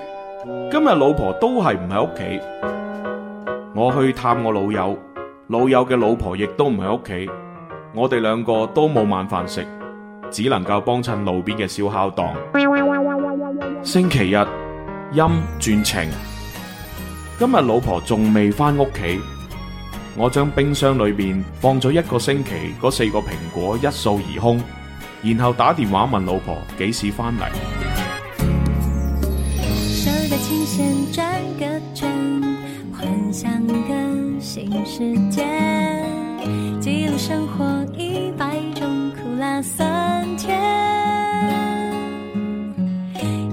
今日老婆都係唔喺屋企。我去探我老友，老友嘅老婆亦都唔喺屋企，我哋兩個都冇晚飯食，只能夠幫襯路邊嘅燒烤檔。星期日陰轉晴，今日老婆仲未翻屋企，我將冰箱裏邊放咗一個星期嗰四個蘋果一掃而空，然後打電話問老婆幾時翻嚟。幻想個新世界，記錄生活一百種苦辣酸甜。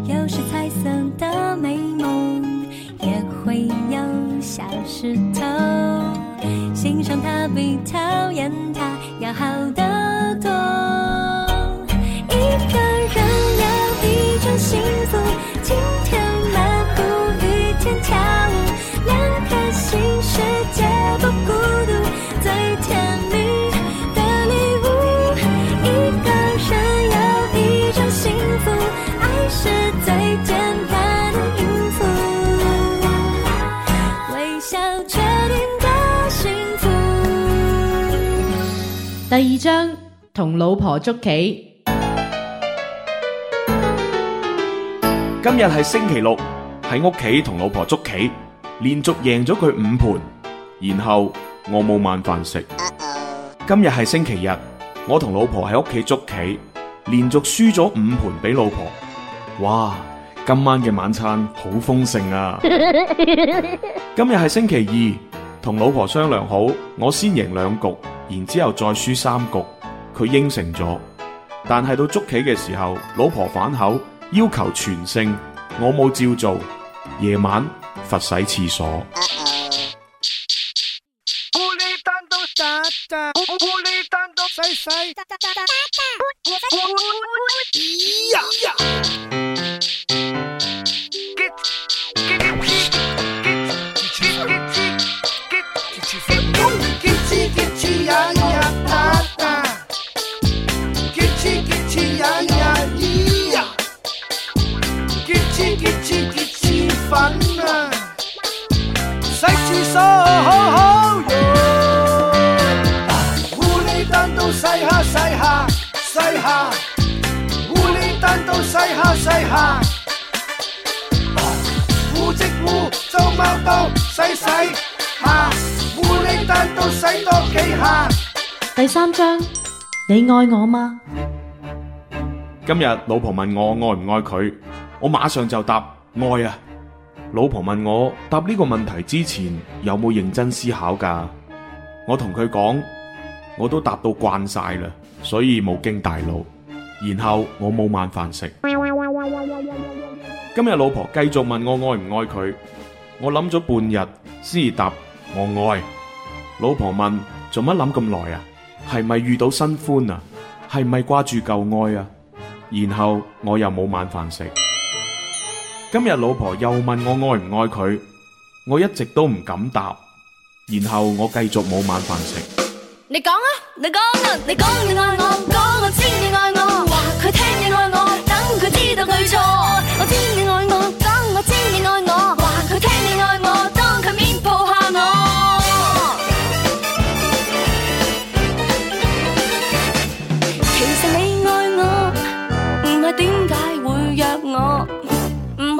有時彩色的美夢也會有小石頭，欣賞它比討厭它要好得多。 一個人有一種幸福，晴天漫步，雨天跳同老婆捉棋，今日係星期六喺屋企同老婆捉棋，連續贏咗佢五盤，然後我冇晚飯食。今日係星期日，我同老婆喺屋企捉棋，連續輸咗五盤俾老婆。哇，今晚嘅晚餐好豐盛啊！ 今日係星期二，同老婆商量好，我先贏兩局，然之後再輸三局。佢應承咗，但係到捉棋嘅時候，老婆反口要求全勝，我冇照做。夜晚罰洗廁所。第三章，你愛我嗎？今日老婆問我愛唔愛佢，我馬上就答愛啊！老婆問我答呢個問題之前有冇認真思考㗎？我同佢講，我都答到慣晒啦，所以冇經大腦。然後我冇晚飯食。今日老婆繼續問我愛唔愛佢，我諗咗半日，先答我愛。老婆問做乜諗咁耐啊？係咪遇到新歡啊？係咪掛住舊愛啊？然後我又冇晚飯食。今日老婆又問我愛唔愛佢，我一直都唔敢答。然後我繼續冇晚飯食。你講啊，你講啊，你講你愛我，講我知你愛我，話佢聽你愛我，等佢知道佢錯，我知你愛我。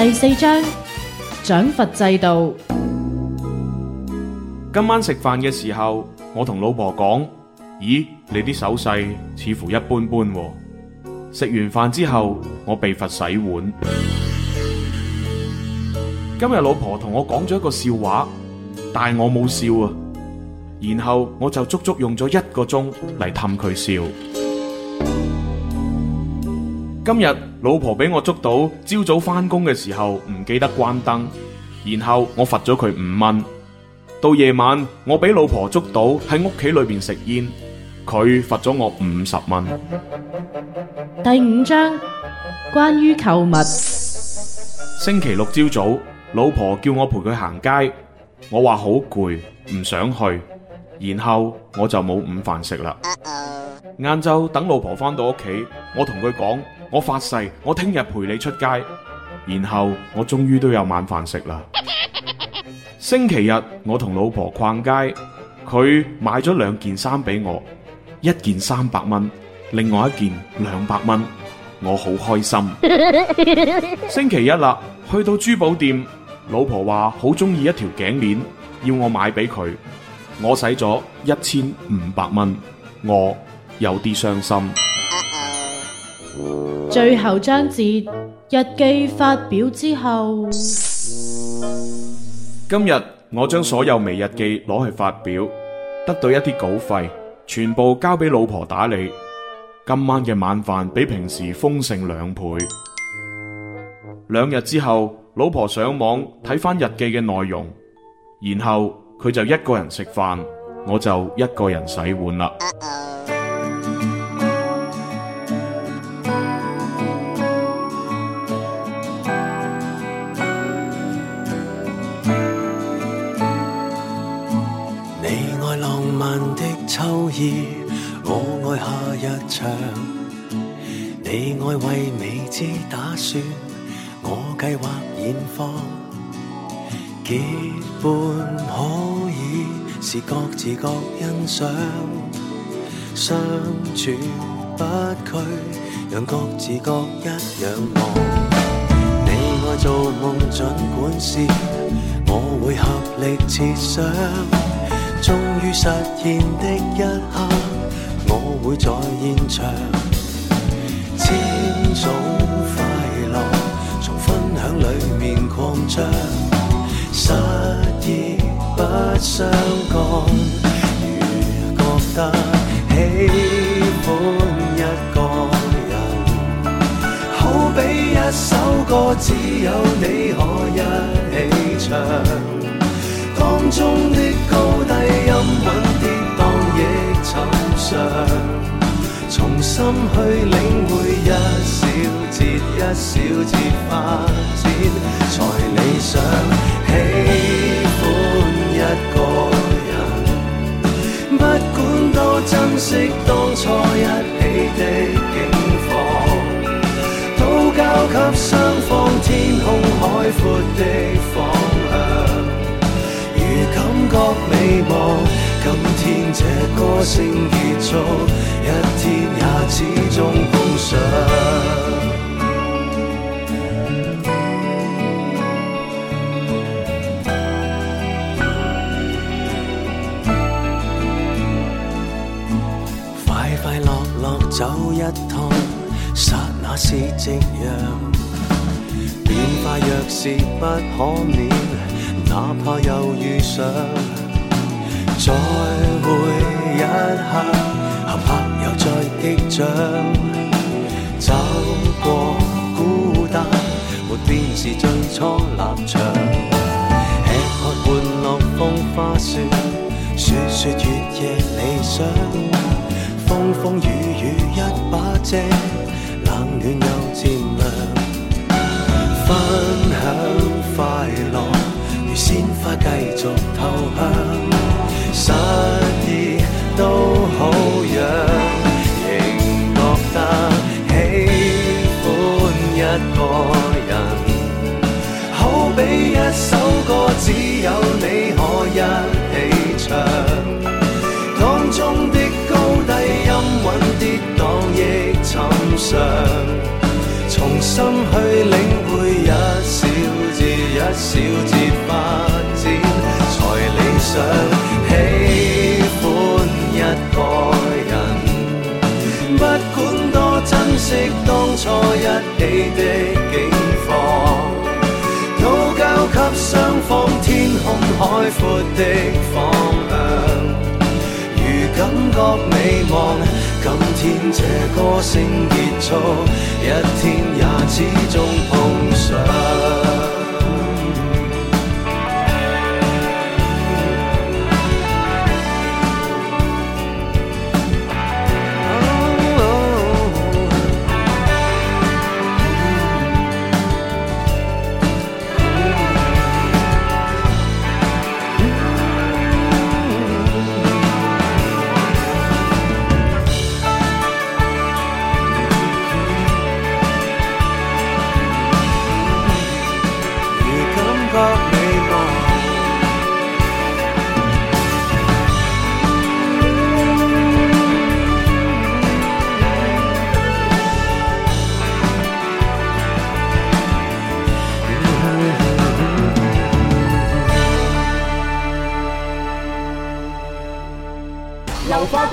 第四章獎罰制度。今晚食飯嘅時候，我同老婆講：咦，你啲手勢似乎一般般喎。食完飯之後，我被罰洗碗。今日老婆同我講咗一個笑話，但係我冇笑啊。然後我就足足用咗一個鐘嚟氹佢笑。今日老婆俾我捉到，朝早翻工嘅時候唔記得關燈，然後我罰咗佢五蚊。到夜晚我俾老婆捉到喺屋企裏邊食煙，佢罰咗我五十蚊。第五章關於購物。星期六朝早，老婆叫我陪佢行街，我話好攰唔想去，然後我就冇午飯食啦。晏晝等老婆翻到屋企，我同佢講。我發誓，我聽日陪你出街，然後我終於都有晚飯食啦。 星期日我同老婆逛街，佢買咗兩件衫俾我，一件三百蚊，另外一件兩百蚊，我好開心。 星期一啦，去到珠寶店，老婆話好中意一條頸鏈，要我買俾佢，我使咗一千五百蚊，我有啲傷心。最後章節日記發表之後，今日我將所有微日記攞去發表，得到一啲稿費，全部交俾老婆打理。今晚嘅晚飯比平時豐盛兩倍。兩日之後，老婆上網睇翻日記嘅內容，然後佢就一個人食飯，我就一個人洗碗啦。秋意，我愛夏日長。你愛為未知打算，我計劃現況。結伴可以是各自各欣賞，相處不拘，讓各自各一樣忙。你愛做夢盡管試，我會合力設想。終於實現的一刻，我會在現場。千種快樂從分享裏面擴張，失意不相干。如覺得喜歡一個人，好比一首歌，只有你可以一起唱。當中的高低音韻跌宕亦尋常，從心去領會一小節一小節發展才理想。喜歡一個人，不管多珍惜當初一起的境況，都交給雙方天空海闊的放。覺迷惘，今天這歌聲結束，一天也始終奉上。嗯、快快樂樂走一趟，剎那是夕陽，變化若是不可免。哪怕又遇上，再會一刻，合拍又再擊掌，走過孤單，沒變是最初立場。吃喝玩樂風花雪，雪雪月夜理想，風風雨雨一把遮，冷暖又漸涼，分享快樂。鮮花繼續投向，失意都好樣，仍覺得喜歡一個人，好比一首歌，只有你可一起唱。當中的高低音韻跌宕，亦尋常，重新去領會人。小節發展才理想，喜歡一個人。不管多珍惜當初一起的景況，都交給雙方天空海闊的方向。如感覺美望，今天這歌聲結束，一天也始終碰上。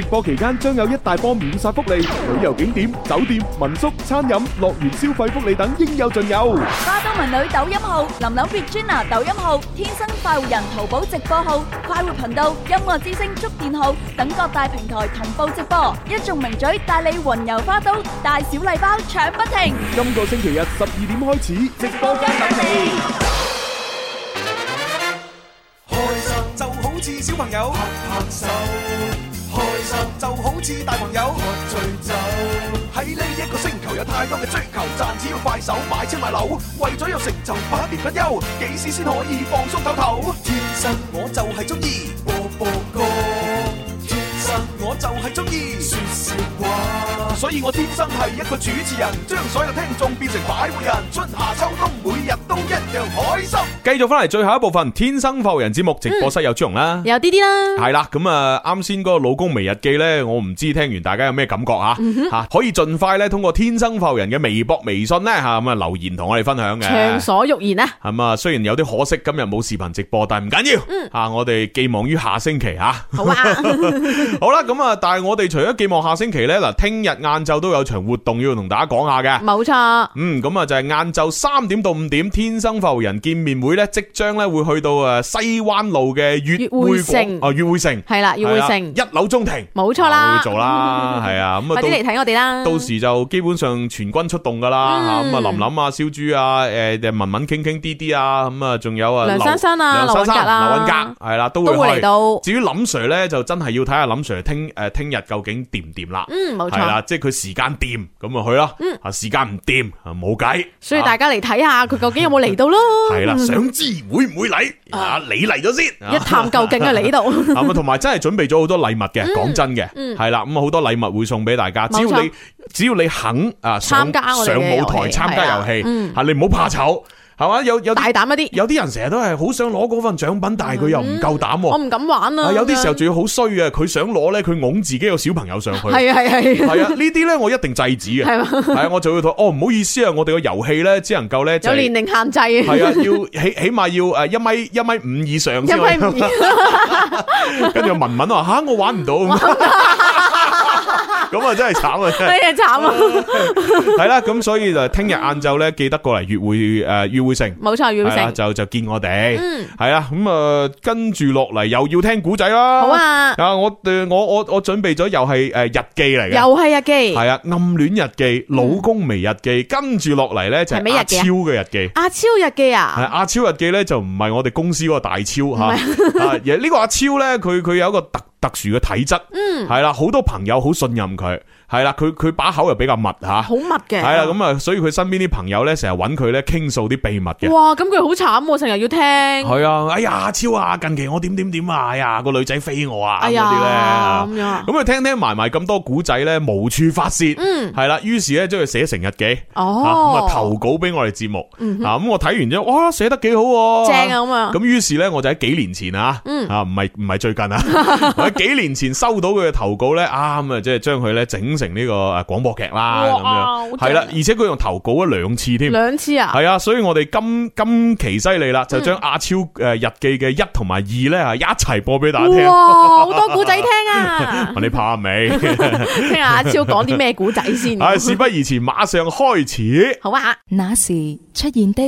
直播期間將有一大波秒殺福利，旅遊景點、酒店、民宿、餐飲、樂園消費福利等應有盡有。花都文旅抖音號林林別專拿抖音號，天生快活人淘寶直播號，快活頻道、音樂之星、觸電號等各大平台同步直播。一眾名嘴帶你雲遊花都，大小禮包搶不停。今個星期日十二點開始直播，等你。開心就好似小朋友，拍拍手。就好似大朋友喝醉酒，喺呢一個星球有太多嘅追求，賺錢要快手，買車買樓，為咗有成就不眠不休，幾時先可以放鬆唞唞？天生我就係中意播放歌。我就係中意說笑話，所以我天生係一個主持人，將所有聽眾變成擺活人。春夏秋冬，每日都一樣開心。繼續翻嚟最後一部分，天生浮人節目直播室有朱容、嗯、啦，有啲啲啦，係啦。咁啊，啱先嗰個老公微日記呢，我唔知道聽完大家有咩感覺吓，吓、嗯哼啊、可以盡快呢，通過天生浮人嘅微博、微信呢，吓咁啊留言同我哋分享嘅。暢所欲言啊，咁啊，雖然有啲可惜今日冇視頻直播，但係唔緊要。吓、嗯啊、我哋寄望於下星期吓。啊好啊， 好啦咁。咁啊！但係我哋除咗寄望下星期咧，嗱，聽日晏晝都有場活動要同大家講下嘅，冇錯。嗯，咁啊就係晏晝三點到五點，天生浮人見面會咧，即將咧會去到誒西灣路嘅悅匯城啊，悅匯城係啦，悅匯城一樓中庭，冇錯啦，會做啦，係啊，咁啊嚟睇我哋啦，到時就基本上全軍出動噶啦。咁啊，林林啊，小豬啊，誒，文文傾傾啲啲啊，咁啊，仲有啊，梁珊珊啊，劉允格啊，劉允格係啦，都會嚟到。至於林 Sir 咧，就真係要睇下林 Sir 聽。誒，聽日究竟掂唔掂啦？嗯，冇錯啦，即係佢時間掂咁啊去囉，嗯，啊時間唔掂啊冇計。所以大家嚟睇下佢究竟有冇嚟到咯。係啦，想知會唔會嚟啊？你嚟咗先，一探究竟啊！你呢度啊，咁同埋真係準備咗好多禮物嘅，講真嘅係啦，咁啊好多禮物會送俾大家。只要你只要你肯啊，上上舞台參加遊戲，吓你唔好怕醜。係嘛？有有大膽一啲，有啲人成日都係好想攞嗰份獎品，但係佢又唔夠膽。我唔敢玩啦，啊。有啲時候仲要好衰嘅，佢想攞咧，佢㧬自己個小朋友上去。係啊係啊。係啊，呢啲咧我一定制止嘅。係啊嗎，我就會同哦，唔好意思啊，我哋個遊戲咧只能夠咧有年齡限制。係啊，要起起碼要誒一米一米五以上先可以。一米五。跟住文文話吓，我玩唔到。咁啊，真係慘啊！真係慘啊！係啦，咁所以就聽日晏晝咧，記得過嚟約會誒，約會城冇錯，約會城就就見我哋。嗯，係啊，咁啊，跟住落嚟又要聽古仔啦。好啊，啊，我我我我準備咗又係誒日記嚟嘅，又係日記，係啊，暗戀日記、老公微日記，跟住落嚟咧就阿超嘅日記，阿超日記啊，係阿超日記咧就唔係我哋公司嗰個大超吓，啊，而呢個阿超咧佢佢有一個特。特殊嘅體質，嗯是，係啦，好多朋友好信任佢。係啦，佢佢把口又比較密吓，好密嘅。係啦，咁啊，所以佢身邊啲朋友咧，成日揾佢咧傾訴啲秘密嘅。哇，咁佢好慘，成日要聽。係啊，哎呀，超啊，近期我點點點啊，哎呀，個女仔飛我啊，嗰啲咧。咁樣。咁佢聽聽埋埋咁多古仔咧，無處發泄。嗯。係啦，於是咧，將佢寫成日記。哦。咁啊，投稿俾我哋節目。嗯。嗱，咁我睇完之後哇，寫得幾好。正啊嘛。咁於是咧，我就喺幾年前啊，啊，唔係唔係最近啊，喺幾年前收到佢嘅投稿咧，啱啊，即係將佢咧整。成呢個廣播劇啦，係啦哇，而且佢用投稿咗兩次添，兩次啊，係啊，所以我哋今今期犀利啦，嗯、就將阿超誒日記嘅一同埋二咧啊一齊播俾大家聽，哇，好多古仔聽啊！問 你怕未？ 聽，聽阿超講啲咩古仔先？啊， 事不宜遲，馬上開始。好啊，那時出現的，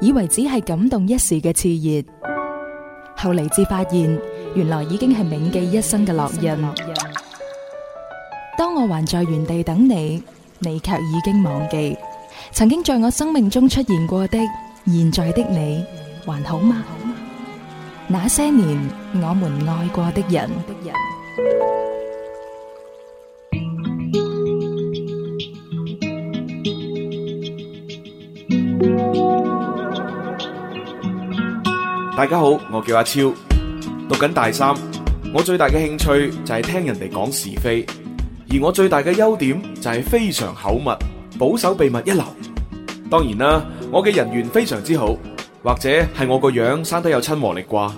以為只係感動一時嘅熾熱，後嚟至發現，原來已經係銘記一生嘅烙印。 當我還在原地等你，你卻已經忘記曾經在我生命中出現過的現在的你還好嗎？那些年我們愛過的人。大家好，我叫阿超，讀緊大三，我最大嘅興趣就係聽人哋講是非。而我最大嘅優點就係非常口密，保守秘密一流。當然啦，我嘅人緣非常之好，或者係我個樣生得有親和力啩。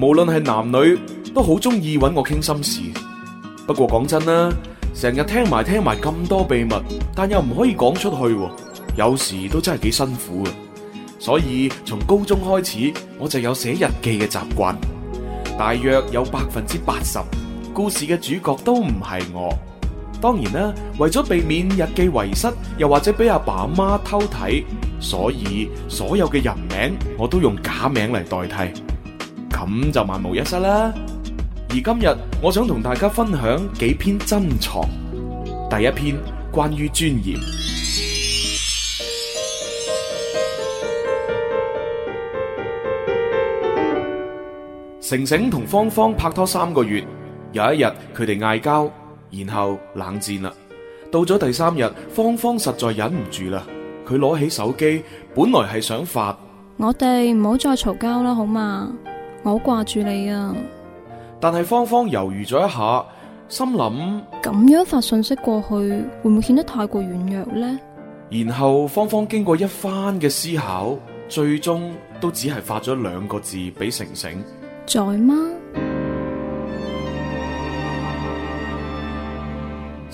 無論係男女，都好中意揾我傾心事。不過講真啦，成日聽埋聽埋咁多秘密，但又唔可以講出去，有時都真係幾辛苦。所以從高中開始，我就有寫日記嘅習慣。大約有百分之八十，故事嘅主角都唔係我。當然啦，為咗避免日記遺失，又或者俾阿爸阿媽偷睇，所以所有嘅人名我都用假名嚟代替，咁就萬無一失啦。而今日我想同大家分享幾篇珍藏，第一篇關於尊嚴。成成同芳芳拍拖三個月，有一日佢哋嗌交。然後冷戰啦。到咗第三日，芳芳實在忍唔住啦。佢攞起手機，本來係想發：我哋唔好再嘈交啦，好嘛？我掛住你啊！但係芳芳猶豫咗一下，心諗：咁樣發信息過去，會唔會顯得太過軟弱呢？然後芳芳經過一番嘅思考，最終都只係發咗兩個字俾成成：在嗎？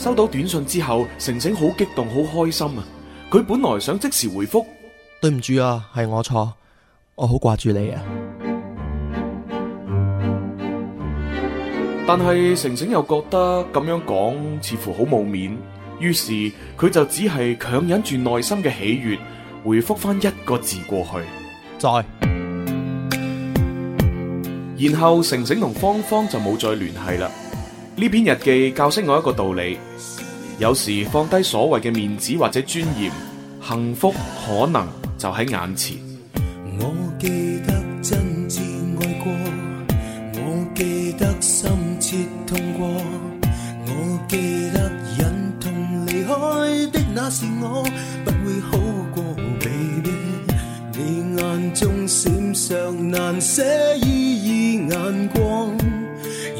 收到短信之後，成成好激動，好開心啊！佢本來想即時回覆，對唔住啊，係我錯，我好掛住你啊！但係成成又覺得咁樣講似乎好冇面，於是佢就只係強忍住內心嘅喜悦，回覆翻一個字過去：「在」。然後成成同芳芳就冇再聯繫啦。呢篇日記教識我一個道理，有時放低所謂嘅面子或者尊嚴，幸福可能就喺眼前。我記得真摯愛過，我記得深切痛過，我記得忍痛離開的那是我，不會好過，baby。你眼中閃上難捨依依眼光。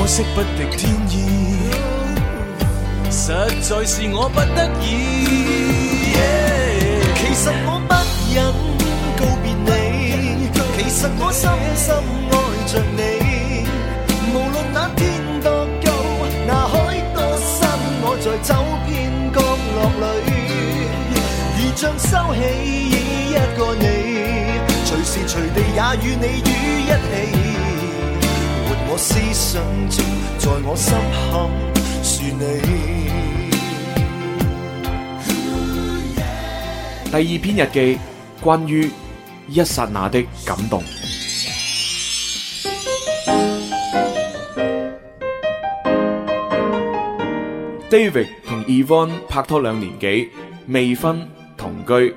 可惜不敵天意，實在是我不得已。Yeah! 其實我不忍告別你，其實我深深愛着你。無論那天多高，那海多深，我在走遍角落裏，如像收起一個你，隨時隨地也與你於一起。我思想在我心坎，是你第二篇日記，關於一剎那的感動。David 同 Evan 拍拖兩年幾，未婚同居，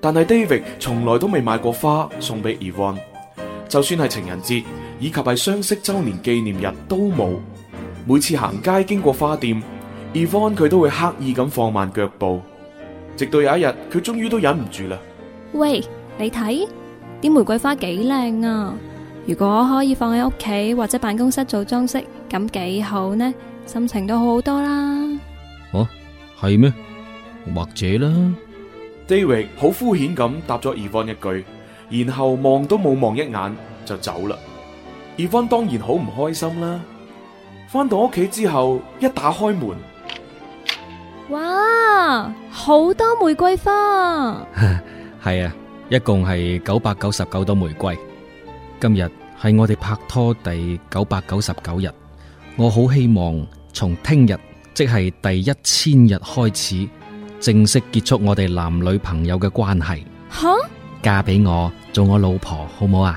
但係 David 從來都未買過花送俾 Evan，就算係情人節。以及係相識周年紀念日都冇，每次行街經過花店，二方佢都會刻意咁放慢腳步。直到有一日，佢終於都忍唔住啦。喂，你睇啲玫瑰花幾靚啊！如果可以放喺屋企或者辦公室做裝飾，咁幾好呢？心情都好多啦。哦、啊，係咩？我或者啦，i d 好敷衍咁答咗二方一句，然後望都冇望一眼就走啦。葉歡當然好唔開心啦！翻到屋企之後，一打開門，哇，好多玫瑰花！係啊，一共係九百九十九朵玫瑰。今日係我哋拍拖第九百九十九日，我好希望從聽日，即係第一千日開始，正式結束我哋男女朋友嘅關係。吓，嫁俾我做我老婆好唔好啊？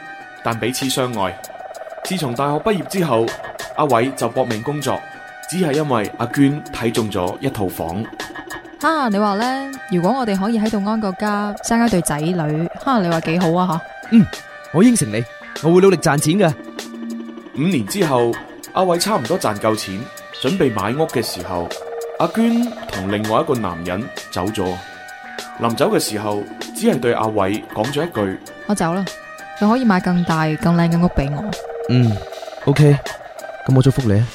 但彼此相愛。自從大學畢業之後，阿偉就搏命工作，只係因為阿娟睇中咗一套房。哈、啊，你話呢？如果我哋可以喺度安個家，生一對仔女，哈、啊，你話幾好啊？吓、啊，嗯，我應承你，我會努力賺錢嘅。五年之後，阿偉差唔多賺夠錢，準備買屋嘅時候，阿娟同另外一個男人走咗。臨走嘅時候，只係對阿偉講咗一句，我走啦。就可以買更大、更靚嘅屋俾我。嗯，OK，咁我祝福你啊！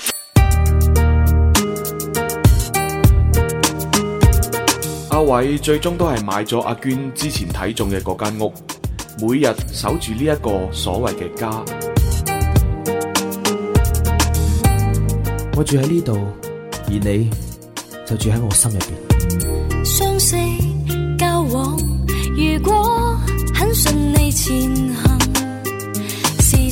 阿偉最終都係買咗阿娟之前睇中嘅嗰間屋，每日守住呢一個所謂嘅家。我住喺呢度，而你就住喺我心入邊。相識交往，如果很順利前行。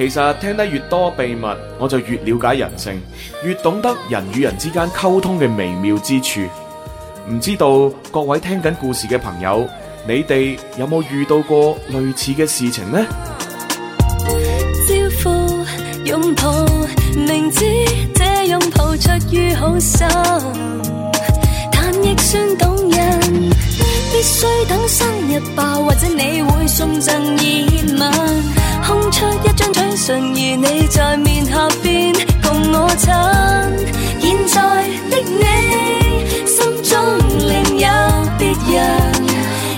其實聽得越多秘密，我就越了解人性，越懂得人與人之間溝通嘅微妙之處。唔知道各位聽緊故事嘅朋友，你哋有冇遇到過類似嘅事情呢？招呼擁抱，明知這擁抱出於好心，但亦算懂。必須等生日吧，或者你會送贈熱吻，空出一張嘴唇，而你在面頰邊共我親。現在的你心中另有別人，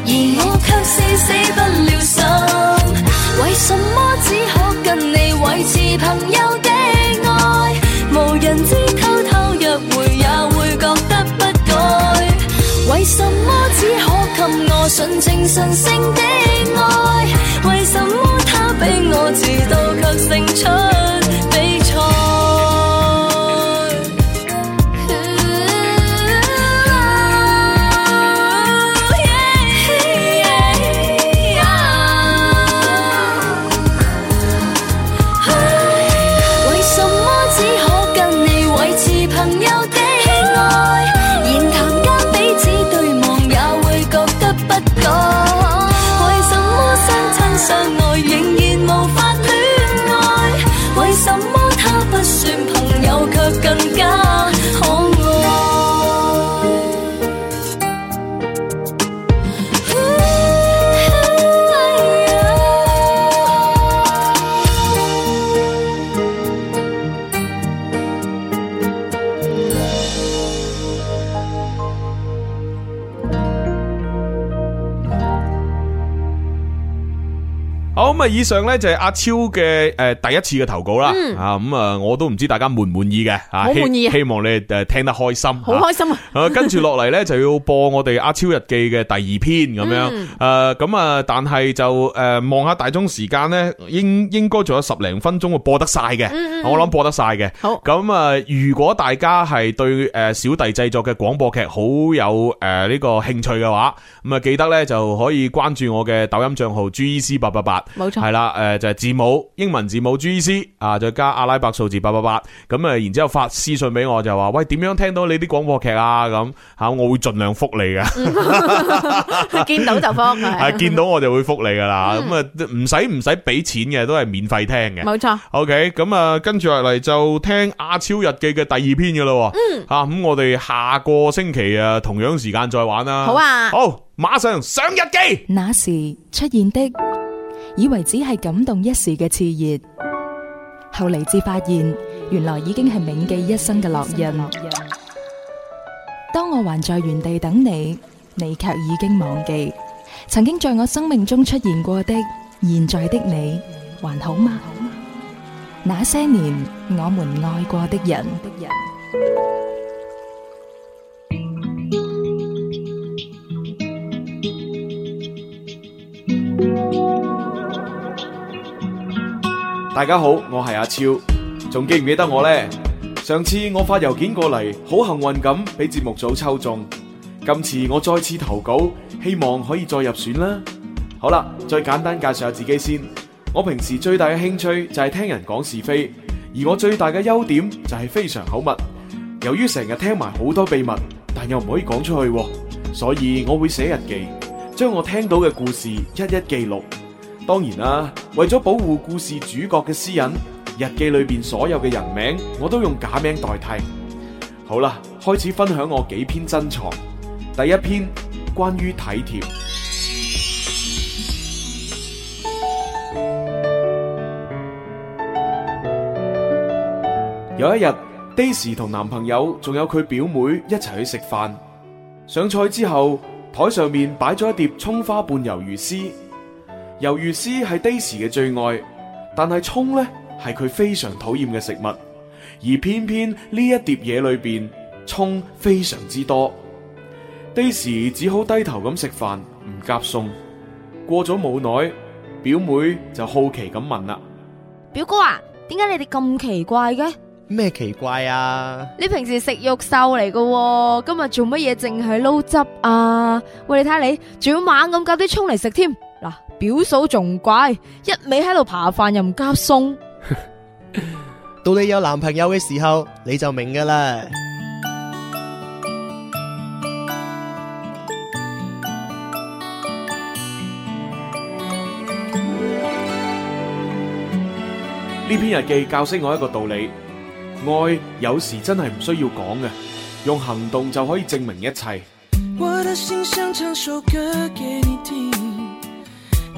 而我却是死，死不了心。為什麼只可跟你維持朋友的愛？無人知偷偷約會，也會覺得不該。為什麼只可我純情神聖的愛，為什麼他比我遲到卻勝出？以上呢，就係阿超嘅誒第一次嘅投稿啦，嗯。啊，咁啊，我都唔知大家滿唔滿意嘅。好滿意。希望你哋聽得開心。好開心啊！跟住落嚟呢，就要播我哋阿超日記嘅第二篇咁樣，嗯。誒，咁啊，但係就誒望下大鐘時間呢，應應該仲有十零分鐘會播得晒嘅。我諗播得晒嘅，嗯嗯嗯。好。咁啊，如果大家係對誒小弟製作嘅廣播劇好有誒呢個興趣嘅話，咁啊記得呢就可以關注我嘅抖音賬號 J C 八八八。係啦，誒就係、是、字母英文字母 G C 啊，再加阿拉伯數字八八八，咁啊，然之後發私信俾我就話，喂，點樣聽到你啲廣播劇啊？咁吓，我會盡量復你噶、嗯， 見到就復係見到我就會復你噶啦。咁啊、嗯，唔使唔使俾錢嘅，都係免費聽嘅。冇錯錯，OK，咁啊，跟住落嚟就聽阿超日記嘅第二篇嘅啦。嗯，吓咁、啊，我哋下個星期啊，同樣時間再玩啦。好啊，好，馬上上日記。那時出現的。以為只係感動一時嘅熾熱，後嚟至發現原來已經係銘記一生嘅烙印。當我還在原地等你，你卻已經忘記曾經在我生命中出現過的，現在的你還好嗎？那些年，我們愛過的人。大家好，我係阿超，仲記唔記得我呢？上次我發郵件過嚟，好幸運咁俾節目組抽中。今次我再次投稿，希望可以再入選啦。好啦，再簡單介紹下自己先。我平時最大嘅興趣就係聽人講是非，而我最大嘅優點就係非常口密。由於成日聽埋好多秘密，但又唔可以講出去啊，所以我會寫日記，將我聽到嘅故事一一記錄。當然啦，為咗保護故事主角嘅私隱，日記裏邊所有嘅人名我都用假名代替。好啦，開始分享我幾篇珍藏。第一篇關於體貼。有一日，Daisy 同男朋友仲有佢表妹一齊去食飯。上菜之後，台上面擺咗一碟蔥花拌魷魚絲。魷魚絲係 Daisy 嘅最愛，但係蔥咧係佢非常討厭嘅食物，而偏偏呢一碟嘢裏邊蔥非常之多，Daisy 只好低頭咁食飯唔夾餸。過咗冇耐，表妹就好奇咁問啦：表哥啊，點解你哋咁奇怪嘅？咩奇怪啊？你平時食肉獸嚟噶，今日做乜嘢淨係撈汁啊？喂，你睇下你，仲要猛咁夾啲蔥嚟食添。嗱，表嫂仲怪，一味喺度扒飯又唔夾餸。到你有男朋友嘅時候，你就明噶啦。呢篇日記教識我一個道理，愛有時真係唔需要講嘅，用行動就可以證明一切。我的心想唱首歌給你聽。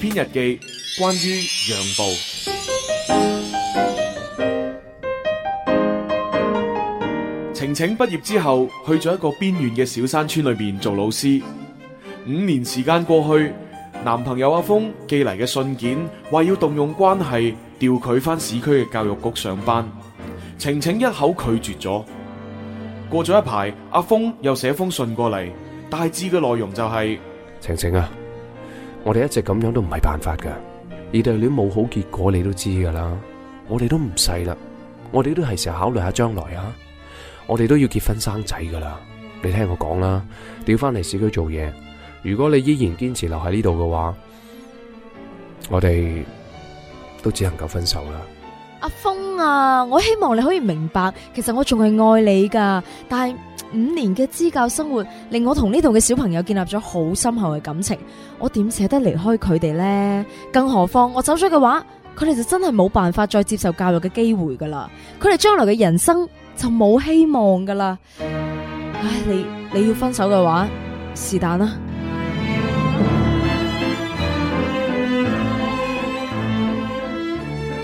篇日記關於讓步。晴晴畢業之後去咗一個邊遠嘅小山村裏邊做老師。五年時間過去，男朋友阿峰寄嚟嘅信件話要動用關係調佢返市區嘅教育局上班。晴晴一口拒絕咗。過咗一排，阿峰又寫封信過嚟，大致嘅內容就係：晴晴啊。我哋一直咁樣都唔係辦法噶，異地戀冇好結果你都知噶啦。我哋都唔細啦，我哋都係成日考慮下將來啊。我哋都要結婚生仔噶啦。你聽我講啦，調翻嚟市區做嘢。如果你依然堅持留喺呢度嘅話，我哋都只能夠分手啦。阿峰啊，我希望你可以明白，其實我仲係愛你噶，但係。五年嘅支教生活令我同呢度嘅小朋友建立咗好深厚嘅感情，我點捨得離開佢哋呢？更何況我走咗嘅話，佢哋就真係冇辦法再接受教育嘅機會噶啦，佢哋將來嘅人生就冇希望噶啦。唉，你你要分手嘅話，是但啦。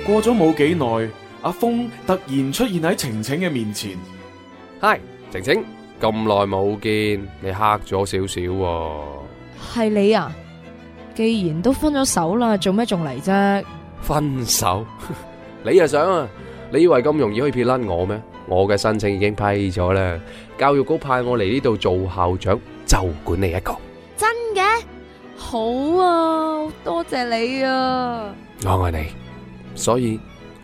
過咗冇幾耐，阿峰突然出現喺晴晴嘅面前。Hi，晴晴。咁耐冇見，你黑咗少少喎。係你啊！既然都分咗手啦，做咩仲嚟啫？分手？你又想啊？你以為咁容易可以撇甩我咩？我嘅申請已經批咗啦。教育局派我嚟呢度做校長，就管你一個。真嘅？好啊，多謝你啊！我愛你，所以。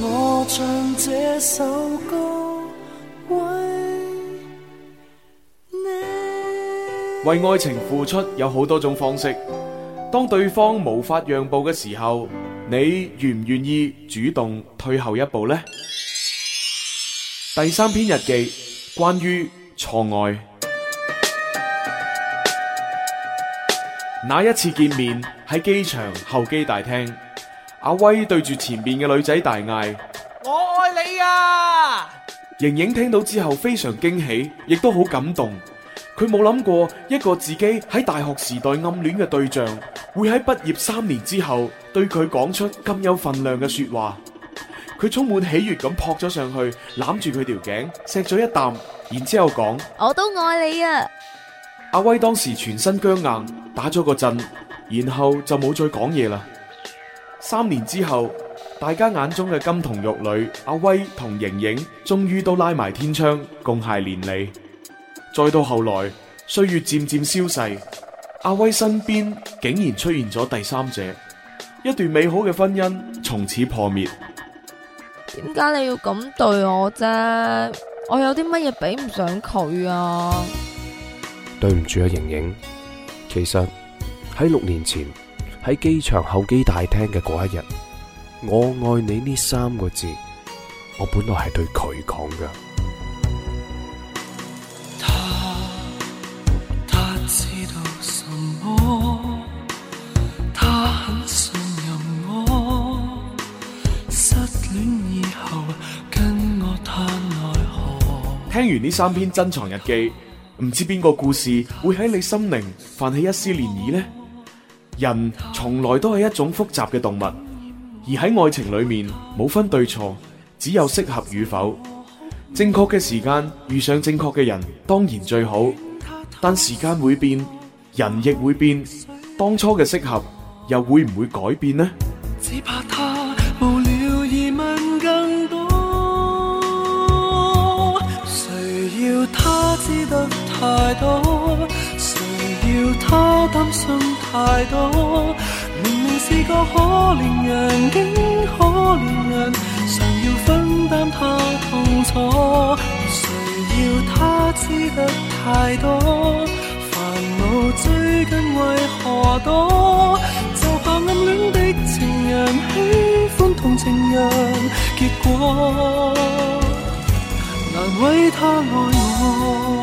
我唱這首歌為，為愛情付出有好多種方式。當對方無法讓步嘅時候，你願唔願意主動退後一步呢？第三篇日記，關於錯愛。那一次見面喺機場候機大廳。阿威對住前面嘅女仔大嗌：我愛你啊！瑩瑩聽到之後非常驚喜，亦都好感動。佢冇諗過一個自己喺大學時代暗戀嘅對象，會喺畢業三年之後對佢講出咁有份量嘅說話。佢充滿喜悦咁撲咗上去，攬住佢條頸，錫咗一啖，然之後講：我都愛你啊！阿威當時全身僵硬，打咗個震，然後就冇再講嘢啦。三年之後，大家眼中嘅金童玉女阿威同瑩瑩，終於都拉埋天窗，共諧連理。再到後來，歲月漸漸消逝，阿威身邊竟然出現咗第三者，一段美好嘅婚姻從此破滅。點解你要咁對我啫？我有啲乜嘢比唔上佢啊？對唔住啊，瑩瑩，其實喺六年前。喺機場候機大廳嘅嗰一日，我愛你呢三個字，我本來係對佢講㗎。他他知道什麼？他很信任我。失戀以後，跟我談愛何。聽完呢三篇珍藏日記，唔知邊個故事會喺你心靈泛起一絲漣漪呢？人從來都係一種複雜嘅動物，而喺愛情裏面冇分對錯，只有適合與否。正確嘅時間遇上正確嘅人當然最好，但時間會變，人亦會變，當初嘅適合又會唔會改變呢？只怕他無聊而問更多，誰要他知道太多得太要他擔心太多，明明是個可憐人，竟可憐人，常要分擔他痛楚。誰要他知得太多，煩惱最近為何多？就怕暗戀的情人喜歡同情人，結果難為他愛我。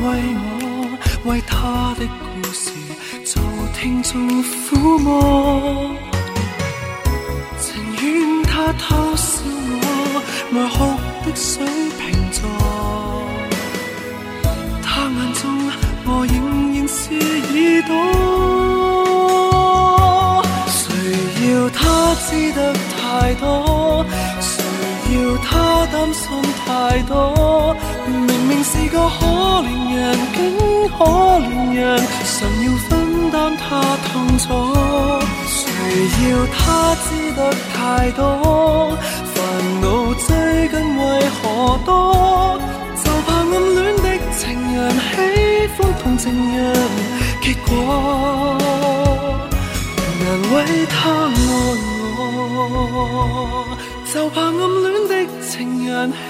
為我，為他的故事做聽眾撫摸。情願他偷笑我，愛哭的水瓶座。他眼中我仍然是耳朵。誰要他知得太多？誰要他擔心太多？明明是個。可憐人，竟可憐人，常要分擔他痛楚。誰要他知得太多？煩惱最近為何多？就怕暗戀的情人喜歡同情人，結果難為他愛我。就怕暗戀的情人。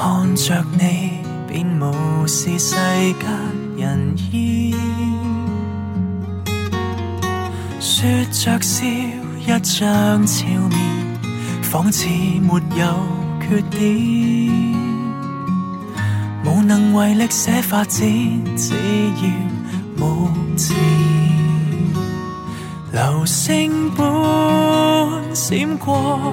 看着你，便無視世間人意。說着笑，一張俏面，仿似沒有缺點。無能為力，寫發展，只要目前，流星般閃過。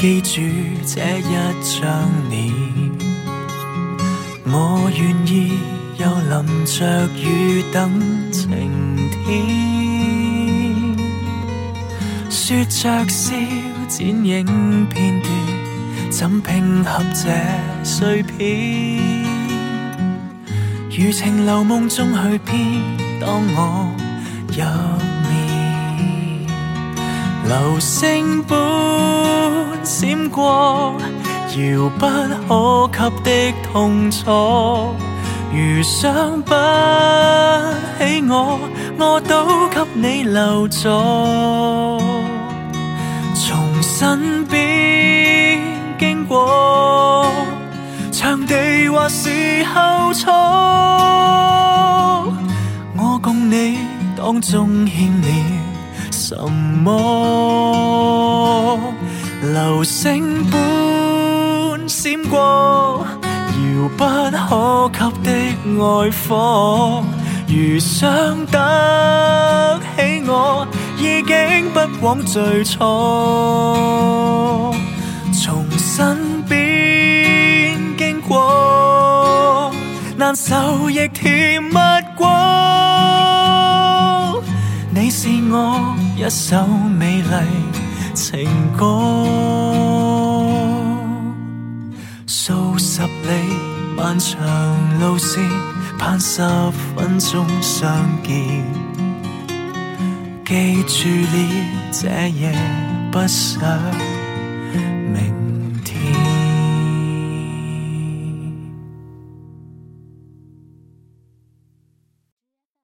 記住這一張臉，我願意又淋着雨等晴天。說着笑，剪影片段，怎拼合這碎片？如情留夢中去編，當我入眠，流星般。閃過，遙不可及的痛楚。如想不起我，我我都給你留作從身邊經過，場地或時候錯，我共你當中欠了什麼？流星般閃過，遙不可及的愛火。如想得起我，已經不枉最初。從身邊經過，難受亦甜蜜過。你是我一首美麗情歌，數十里漫長路線，盼十分鐘相見，記住了，這一夜不想。